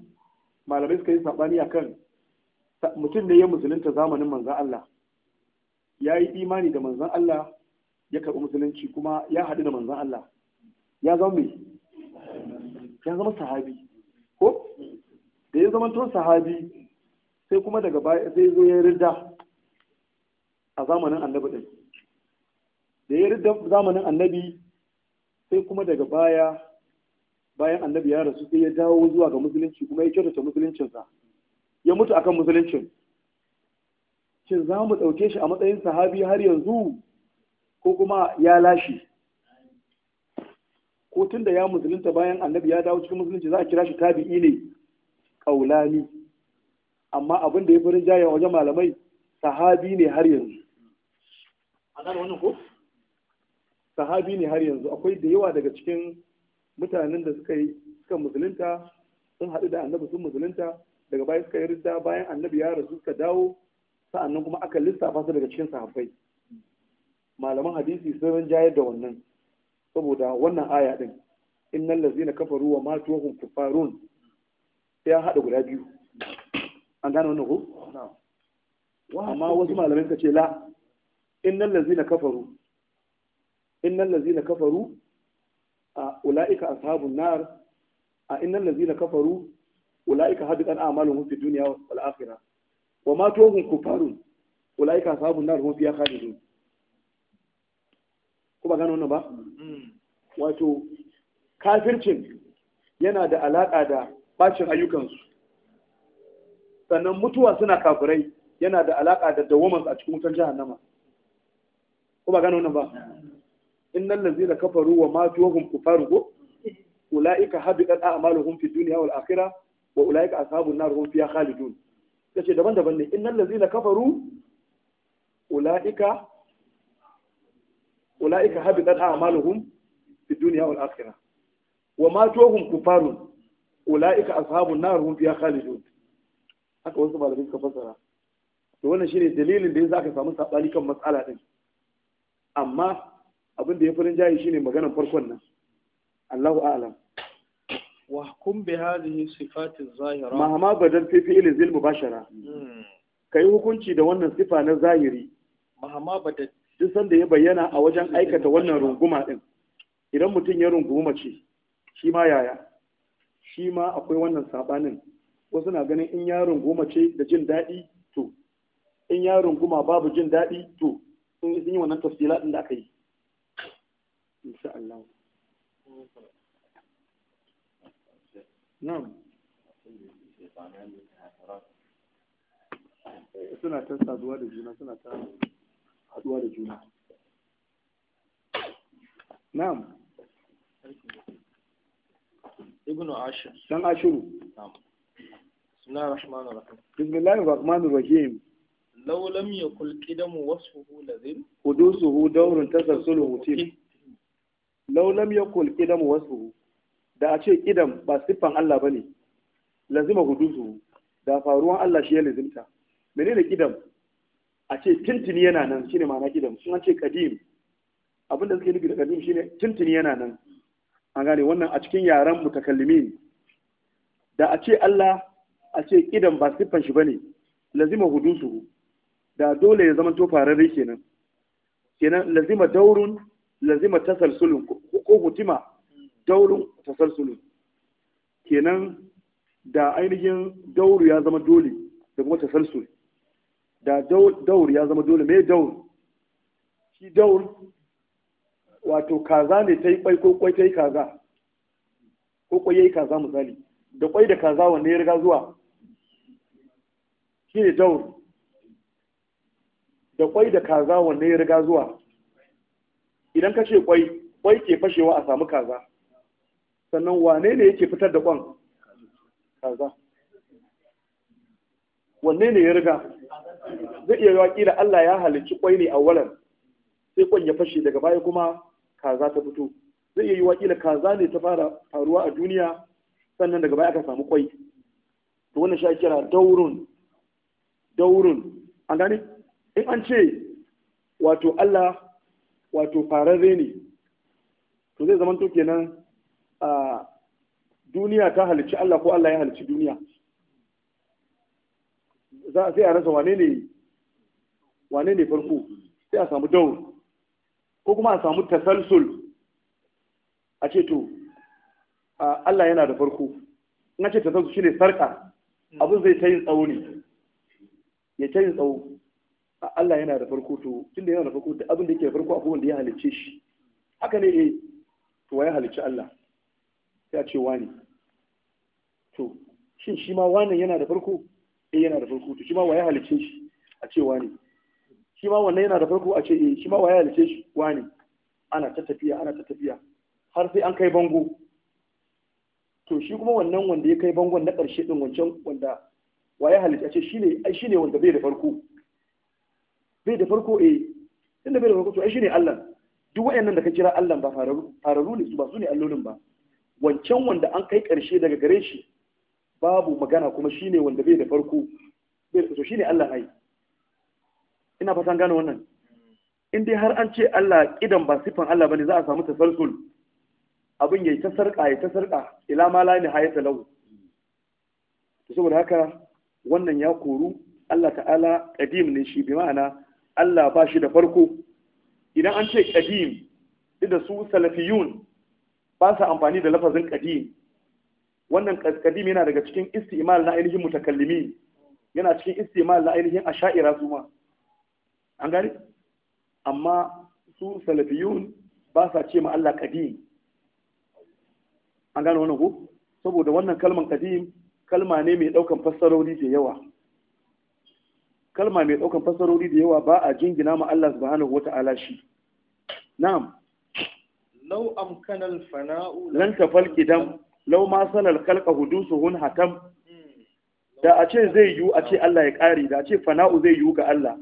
Speaker 1: malamai suka yi saɓani akan mutum ne ya musulunta zamanin manzan Allah ya yi imani da manzan Allah ya karɓi musulunci kuma ya haɗu da manzan Allah ya zama mai ya zama sahabi ko da ya zama tun sahabi sai kuma daga baya sai zo ya rida a zamanin annabi ɗin, da ya a zamanin annabi sai kuma daga baya bayan annabi ya rasu sai ya dawo zuwa ga musulunci kuma ya kyautata musuluncinsa ya mutu akan musuluncin shin za mu ɗauke shi a matsayin sahabi har yanzu ko kuma ya lashe ko tun da ya musulunta bayan annabi ya dawo cikin musulunci za a kira shi tabi'i ne ƙaulani amma abin da ya fi rinjayen wajen malamai sahabi ne har yanzu sahabi ne har yanzu akwai da yawa daga cikin mutanen da suka yi suka musulunta sun haɗu da annabi sun musulunta daga baya suka yi ridda bayan annabi ya rasu suka dawo sa'annan kuma aka lissafa su daga cikin sahabbai malaman hadisi sun jayar da wannan saboda wannan aya din innal ladzina kafaru wa matu wa hum kuffarun ya hada guda biyu an gane wannan ko amma wasu malamai suka ce la innal ladzina kafaru innal ladzina kafaru a ulaika ashabun nar a innal ladzina kafaru ulaika hadiqan a'maluhum fi dunya wal akhirah wa ma tuhum kufarun ulaika ashabun nar hum fiha khalidun kuma gano wannan ba mm. wato kafircin yana da alaƙa da bacin ayyukansu sannan mutuwa suna kafirai yana da alaƙa da dawaman a cikin wutar jahannama kuma gano wannan ba innal ladzina kafaru wa matu wa hum kufaru ko ka habitat a'maluhum fid dunya wal akhirah wa ulaika ashabun nar hum fiha khalidun ta ce daban-daban ne innan zina kafaru ula'ika ula'ika habitat a'maluhum fi duniya wal akhirah wa matuhum kufarun ula'ika ashabun nar hum fiha khalidun haka wasu malamai suka fassara to wannan shine dalilin da za ka samu sabani kan matsala din amma abin da ya furin jayi shine maganar farkon nan Allahu a'lam
Speaker 2: wahkum bi hadhihi sifati zahira mahama badal
Speaker 1: fi fi'il zil mubashara hmm. kai hukunci da wannan sifa na zahiri mahama badal duk sanda ya bayyana a wajen aikata wannan runguma din idan mutum ya rungumi mace shi ma yaya shi ma akwai wannan sabanin wasu na ganin in ya runguma ce da jin dadi to in ya runguma babu jin dadi to sun yi wannan
Speaker 2: tafsila din da aka yi insha Allah na'am
Speaker 1: suna ta saduwa da juna suna ta haduwa da juna na'am
Speaker 2: ibnu ashir dan ashiru na'am bismillahir rahmanir rahim
Speaker 1: bismillahir rahmanir rahim
Speaker 2: law lam yakul qidam wasfuhu lazim
Speaker 1: hudusuhu dawrun tasalsulu da a ce idan ba siffan Allah ba ne lazima hudusu da faruwan Allah shi ya lazimta menene idan a ce tintini yana nan shine ma'ana idan sun an ce kadim abinda suke nufi da kadim shine tintini yana nan an gane wannan a cikin yaren mutakallimi da a ce Allah a ce idan ba siffan shi bane lazima hudusu da dole ya zama to fararre kenan kenan lazima daurun lazima tasalsulun ko hutima daurun tasalsulun kenan da ainihin dauru ya zama dole da kuma tasalsul da dauru ya zama dole mai daur shi daur wato kaza ne ta yi kwai ko kwai ta yi kaza ko kwai ya yi kaza misali da kwai da kaza wanne ya riga zuwa shi ne daur da kwai da kaza wanne ya riga zuwa idan ka ce kwai kwai ke fashewa a samu kaza sannan wane ne yake fitar da ƙwan kaza wanne ne ya riga zai iya yawa kila Allah ya halicci ƙwai ne a walan sai ƙwan ya fashe daga baya kuma kaza ta fito zai iya yawa kila kaza ne ta fara faruwa a duniya sannan daga baya aka samu ƙwai. to wannan shi kira daurun daurun an gani? in an ce wato Allah wato fararre ne to zai zama to kenan duniya ta halicci Allah ko Allah ya halicci duniya za sai a rasa wane ne wane ne farko sai a samu daur ko kuma a samu tasalsul a ce to Allah yana da farko in a ce tasalsul shine sarka abin zai ta yin tsawo ne ya ta yin tsawo Allah yana da farko to tunda yana da farko abin da yake da farko akwai wanda ya halicce shi haka ne eh to ya halicci Allah ya a ce wani to shin shi ma wannan yana da farko eh yana da farko to shi ma waye halice shi a ce wani shi ma wannan yana da farko a ce eh shi ma waye halice shi wani ana ta tafiya ana ta tafiya har sai an kai bango to shi kuma wannan wanda ya kai bangon na ƙarshe din wancan wanda waye A ce shine ai shine wanda bai da farko bai da farko eh tunda bai da farko to ai shine Allah duk wayannan da ka kira Allah ba fararu fararu ne su ba su ne allolin ba wancan wanda an kai ƙarshe daga gare shi babu magana kuma shi ne wanda bai da farko bai da ne Allah ai ina fatan gane wannan in dai har an ce Allah idan ba sifan Allah bane za a samu tasalsul abin yayi ta sarka yayi ta sarka ila ma la ni hayata lahu saboda haka wannan ya koru Allah ta'ala qadim ne shi bi ma'ana Allah ba shi da farko idan an ce qadim idan su salafiyun ba sa amfani da lafazin qadim wannan qadim yana daga cikin istimal na ainihin mutakallimi yana cikin istimal na ainihin asha'ira su ma an gani amma su salafiyun ba sa ce ma Allah qadim an gane wannan ko saboda wannan kalman qadim kalma ne mai daukan fassarori da yawa kalma mai daukan fassarori da yawa ba a jingina ma Allah subhanahu wata'ala shi na'am
Speaker 2: law amkana al-fana'u lan
Speaker 1: tafal kidam law ma sanal khalqa hatam da a ce zai yiwu a ce Allah ya ƙari da a ce fana'u zai yiwu ga Allah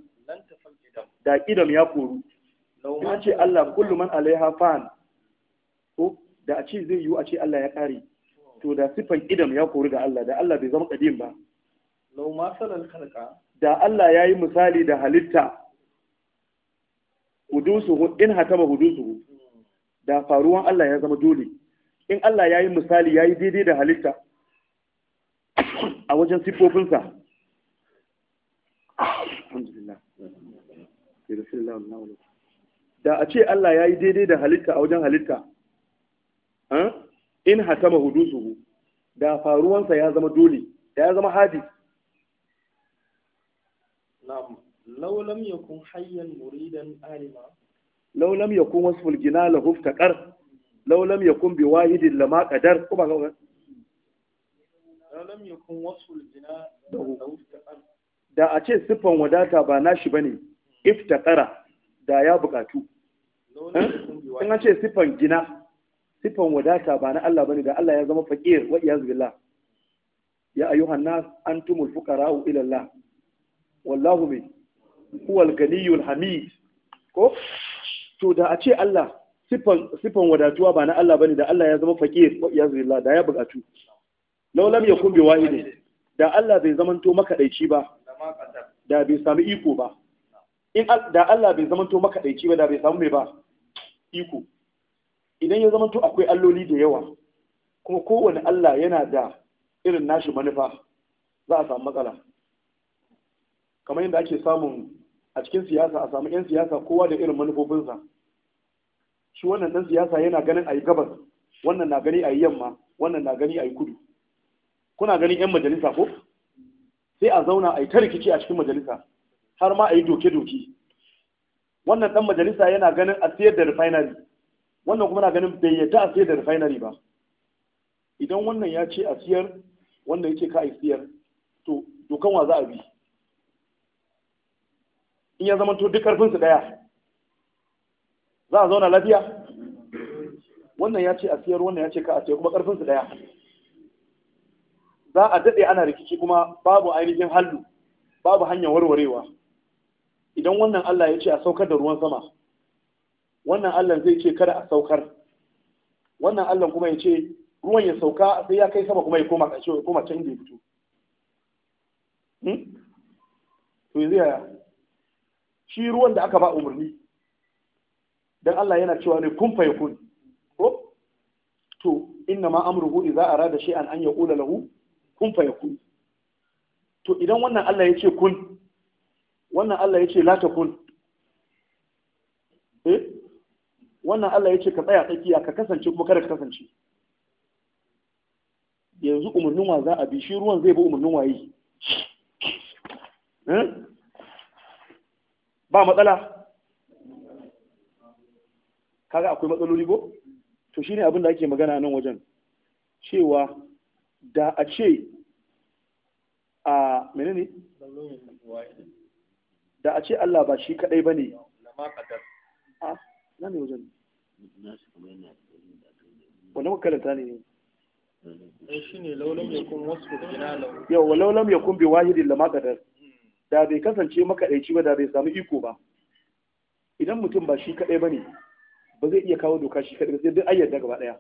Speaker 1: da idam ya koru in an ce Allah kullum man alaiha fan ko da a ce zai yiwu a ce Allah ya ƙari to da sifan idam ya koru ga Allah da Allah bai zama kadim ba da Allah ya yi misali da halitta hudusuhu in hatama hudusuhu da faruwan Allah ya zama dole in Allah ya yi misali ya yi daidai da halitta a wajen siffofinsa da a ce Allah ya yi daidai da halitta a wajen halitta in hatama hudusuhu da faruwansa ya zama dole da ya zama hadi
Speaker 2: na'am law lam yakun hayyan muridan alima
Speaker 1: law lam yakun wasful gina la huftaqar law lam yakun bi wahidin lama qadar ko ba ga da a ce siffan wadata ba nashi bane iftaqara da ya bukatu in an ce siffan gina siffan wadata ba na Allah bane da Allah ya zama faqir wa iyaz billah ya ayyuhan nas antumul fuqara'u ila Allah wallahu bi huwal ganiyul hamid ko to da a ce Allah siffan wadatuwa ba na Allah bane da Allah ya zama fakir ya iyazu da ya bukatu law lam yakun bi wahid da Allah bai to makadaici ba da bai sami iko ba in da Allah bai to makadaici ba da bai samu mai ba iko idan ya to akwai alloli da yawa kuma kowane Allah yana da irin nashi manufa za a samu matsala kamar yadda ake samun a cikin siyasa a samu 'yan siyasa kowa da irin manufofinsa shi wannan ɗan siyasa yana ganin a yi gabas wannan na gani a yi yamma wannan na gani a yi kudu kuna ganin 'yan majalisa ko sai a zauna a yi ta rikici a cikin majalisa har ma a yi doke-doke wannan ɗan majalisa yana ganin a siyar da refinery wannan kuma na ganin bai yadda a siyar da refinery ba idan wannan ya ce a siyar wannan ya ce ka a siyar to dokan wa za a bi in ya zama to duk karfin su daya za a zauna lafiya wannan ya ce a siyar wannan ya ce ka a siyar kuma karfin su daya za a daɗe ana rikici kuma babu ainihin hallu babu hanyar warwarewa idan wannan Allah ya ce a saukar da ruwan sama wannan Allah zai ce kada a saukar wannan Allah kuma ya ce ruwan ya sauka sai ya kai sama kuma ya koma ƙarshe ya koma can da ya fito hmm? to yanzu yaya shi ruwan da aka ba umarni dan Allah yana cewa ne kun fayakun ko to inna ma amruhu idza arada shay'an an yaqula lahu kun fayakun to idan wannan Allah ya ce kun wannan Allah ya ce la takun eh wannan Allah ya ce ka tsaya tsakiya ka kasance kuma kada ka kasance yanzu umarnin wa za a bi shi ruwan zai bi umarnin waye eh ba matsala kaga akwai matsaloli ko to shine abin da ake magana nan wajen cewa da a ce a menene da a ce Allah ba shi kadai bane a na ne wajen wannan makaranta ne yau eh, laulam yakun bi wahidin lama da bai kasance makaɗaici ba da bai samu iko ba idan mutum ba shi kaɗai ba ne ba zai iya kawo doka shi kaɗai sai dai ayyar yarda gaba ɗaya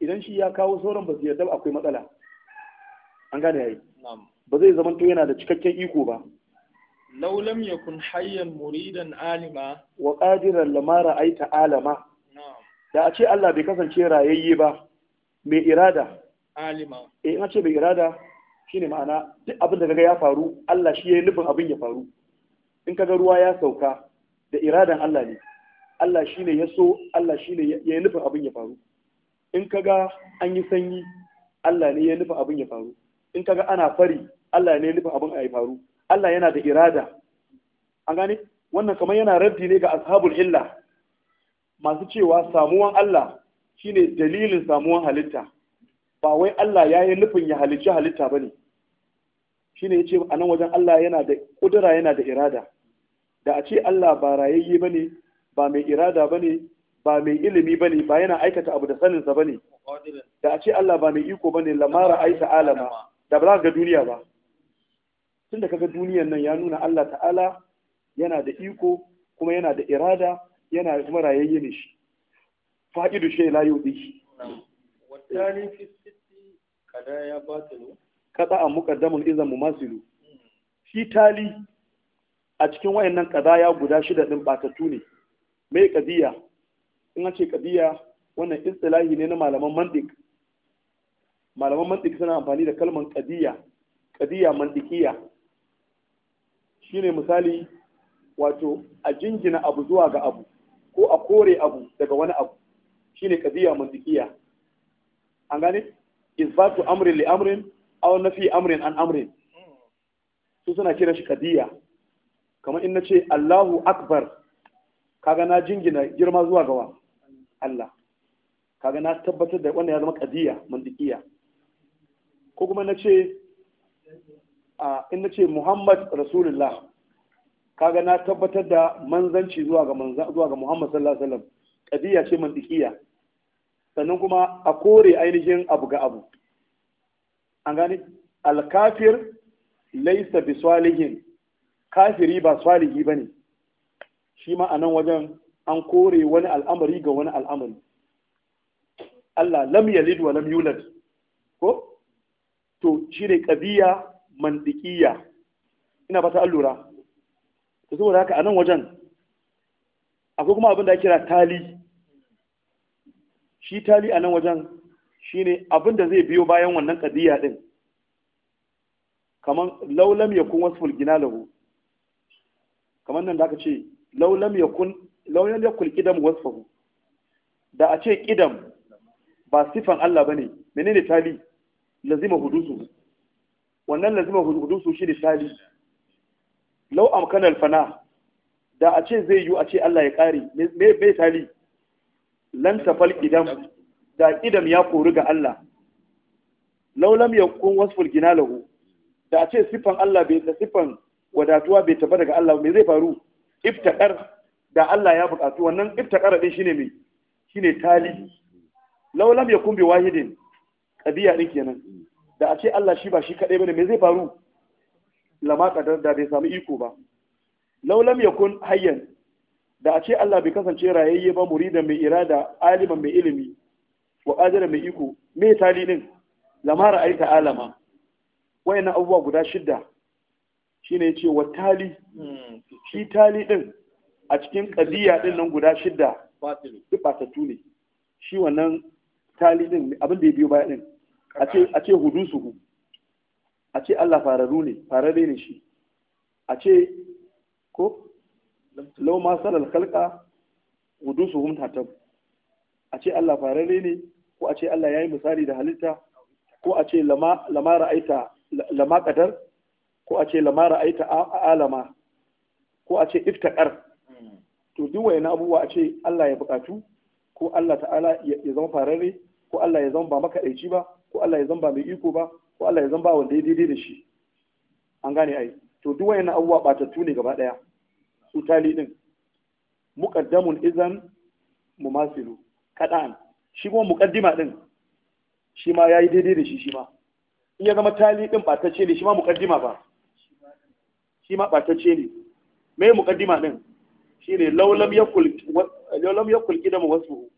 Speaker 1: idan shi ya kawo sauran ba su yarda ba akwai matsala an gane yayi ba zai zama to yana da cikakken iko ba law lam yakun hayyan muridan alima wa qadiran lama ra'aita alama da a ce Allah bai kasance rayayye ba mai irada alima eh in a ce mai irada shine ma'ana duk abin da kaga ya faru Allah shi yayi nufin abin ya faru in kaga ruwa ya sauka da iradan Allah ne Allah shine ya so Allah shine yi nufin abin ya faru in kaga an yi sanyi Allah ne ya nufin abin ya faru in kaga ana fari Allah ne ya nufin abin ya faru Allah yana da irada an gane wannan kamar yana raddi ne ga ashabul illa masu cewa samuwan Allah shine dalilin samuwan halitta ba wai Allah ya yi nufin ya halicci halitta ba ne shi ne ya ce a nan wajen Allah yana da ƙudura yana da irada da a ce Allah ba rayayye ba ne ba mai irada ba ne ba mai ilimi ba ne ba yana aikata abu da saninsa ba ne da a ce Allah ba mai iko ba ne lamara aita alama da ba za ka ga duniya ba tun da kaga duniyan nan ya nuna Allah ta'ala yana da iko kuma yana da irada yana kuma rayayye ne shi fa'idu shay la yudi
Speaker 2: والثاني في الست قضايا باطل
Speaker 1: كذا مقدم اذا مماثل shi tali a cikin wayannan kadaya guda shida din batattu ne mai kadiya in an ce kadiya wannan istilahi ne na malaman mantik malaman mantik suna amfani da kalman kadiya kadiya mantikiya shine misali wato a jingina abu zuwa ga abu ko a kore abu daga wani abu shine kadiya mantikiya an gane isbatu amrin li amrin aw nafi amrin an amrin su suna kiran shi kadiya kamar in nace Allahu akbar kaga na jingina girma zuwa gawa Allah kaga na tabbatar da wannan ya zama kadiya mandikiya ko kuma nace a in nace Muhammad Rasulullah kaga na tabbatar da manzanci zuwa ga manzo zuwa ga Muhammad sallallahu alaihi wasallam kadiya ce mandikiya sannan kuma a kore ainihin abu ga abu an gane alkafir laisa bi swalihin kafiri ba ba bane shi ma a nan wajen an kore wani al'amari ga wani al'amari Allah lam yalid wa lam yulad ko to shine ƙabiya mandiƙiya. ina ba ta allura to saboda haka a nan wajen akwai kuma abin da kira tali shi tali a nan wajen ne abin da zai biyo bayan wannan ƙadiyya ɗin kaman laulam kun wasu fulgina lahu kamar nan da aka ce laulam kun laulam yakul qidam wasfahu da a ce ƙidam ba sifan Allah ba ne, menene tali lazima hudusu wannan lazima hudusu shi ne tali lau'am amkana fana da a ce zai yi a ce Allah ya ƙari me tali lan tafal idam da idam ya kori ga Allah laulam kun wasful gina lahu da a ce siffan Allah bai da siffan wadatuwa bai tafi daga Allah me zai faru iftakar da Allah ya bukatu wannan iftakar din shine me shine tali laulam kun bi wahidin qadiya din kenan da a ce Allah shi ba shi kadai bane me zai faru lama kadar da bai samu iko ba laulam kun hayyan da a ce Allah bai kasance rayayye ba muridan mai irada aliman mai ilimi wa ajira mai iko mai talinin lamara aita alama wayannan abubuwa guda shidda shine yace wa tali hmm, shi tali din a cikin qadiya din nan guda shidda duk batattu ne shi wannan tali din abin da ya biyo baya din a ce a ce hudusuhu a ce Allah fararu ne fararre ne shi a ce ko lau ma saral kalka wudusu hum hatab a ce Allah farare ne ko a ce Allah ya yi misali da halitta ko a ce lama ra'aita lama kadar ko a ce lama ra'aita alama ko a ce iftakar to duk wayan abubuwa a ce Allah ya bukatu ko Allah ta'ala ya zama farare ko Allah ya zama ba makaɗaici ba ko Allah ya zama ba mai iko ba ko Allah ya zama ba wanda ya daidai da shi an gane ai to duk wayan abubuwa batattu ne gaba ɗaya su tali din Muƙaddamun izan mumasilu kaɗan shi kuma muƙaddima ɗin, shi ma yi daidai da shi shi ma in ya zama tali ɗin ɓatacce ne shi ma muƙaddima ba shi ma ɓatacce ne me ɗin shi ne laulam ya kulki da kidam wasu.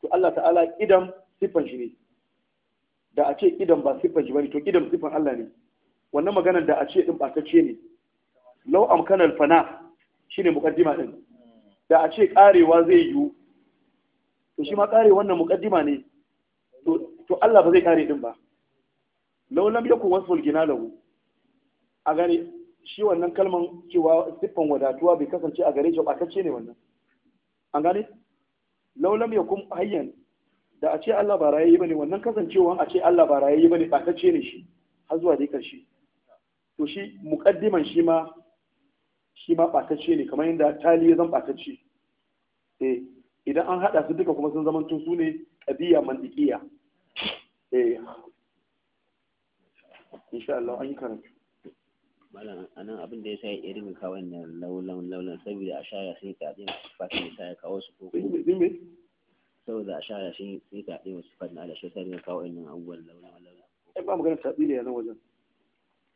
Speaker 1: to Allah ta'ala idan siffan shi ne da a ce idan ba siffan shi bane to idan siffan Allah ne wannan maganar da a ce ɗin ɓatacce ne law amkana fana shi ne muƙaddima ɗin. da a ce karewa zai yiwu to shi ma kare wannan mukaddima ne to Allah ba zai kare din ba law lam yakun wasful gina a gane shi wannan kalman cewa siffan wadatuwa bai kasance a gare shi ba kace ne wannan an gane law lam yakun hayyan da a ce Allah ba rayayi bane wannan kasancewan a ce Allah ba rayayi bane ba kace ne shi har zuwa dai karshe to shi mukaddiman shi ma shi ma ɓatacce ne kamar yadda taliya ya zan ɓatacce eh, idan an haɗa su duka kuma sun zama su ne ƙabiya mandiƙiya
Speaker 2: eh
Speaker 3: insha Allah an yi karatu malam anan abin da ya sai irin ka wannan laulan laulan saboda a shaya sai ka ɗin fatin ya sa ya kawo su ko saboda a shaya sai ka ɗin wasu fatin ala shi sai ya kawo wannan abubuwan laulan
Speaker 1: laulan ai ba magana tabi da yanzu wajen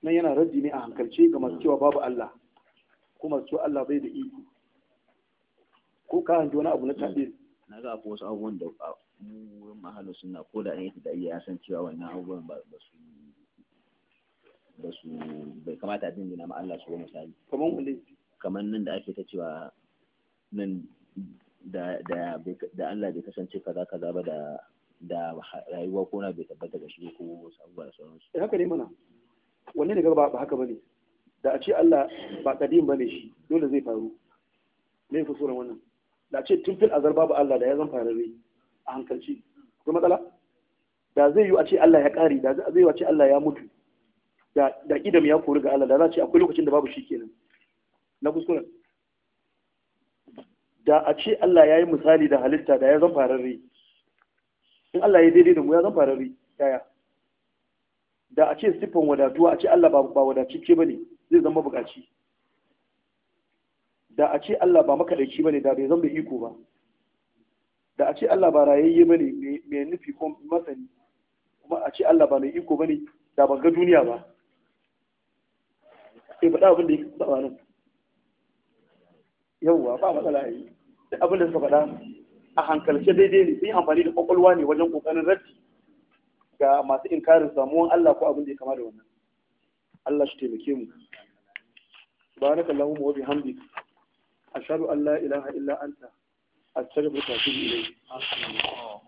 Speaker 1: nan yana raddi ne a hankalce ga masu cewa babu Allah kuma su Allah bai da iko ko
Speaker 3: ka hanji wani abu na hmm. tabi na ga wasu abubuwan da wurin mahalin suna ko da an yi da ya san cewa wannan abubuwan ba su ba su bai kamata a dingina ma Allah su wani misali kamar wani kamar nan da ake ta cewa nan da da da Allah bai kasance kaza kaza ba da da rayuwa ko na bai tabbata ga shi ko wasu abubuwa da sauransu
Speaker 1: eh, haka ne mana wannan ne ba haka bane da a ce Allah ba kadim bane shi dole zai faru me fi suran wannan da a ce tun fil azar babu Allah da ya zan rai a hankalci akwai matsala da zai yi a ce Allah ya kare da zai yi a ce Allah ya mutu da da ya kori ga Allah da za a ce akwai lokacin da babu shi kenan na kuskuren da a ce Allah ya yi misali da halitta da ya zan rai. in Allah ya daidai da mu ya zan ya yaya da a ce siffan wadatuwa a ce Allah ba wadatacce ba ne zai zama bukaci da a ce Allah ba ba bane da bai zama iko ba da a ce Allah ba rayayye bane mai nufi ko masani kuma a ce Allah ba mai iko bane da ban ga duniya ba sai faɗa abin da ya faɗa nan yawwa ba matsala yi da abin da suka faɗa a hankalce daidai ne sun yi amfani da kwakwalwa ne wajen kokarin rati. ga masu inkarin samuwan Allah ko abin da ya kama da wannan Allah shi taimake mu subhanaka allahumma wa bihamdik ashhadu an allah ilaha illa anta astaghfiruka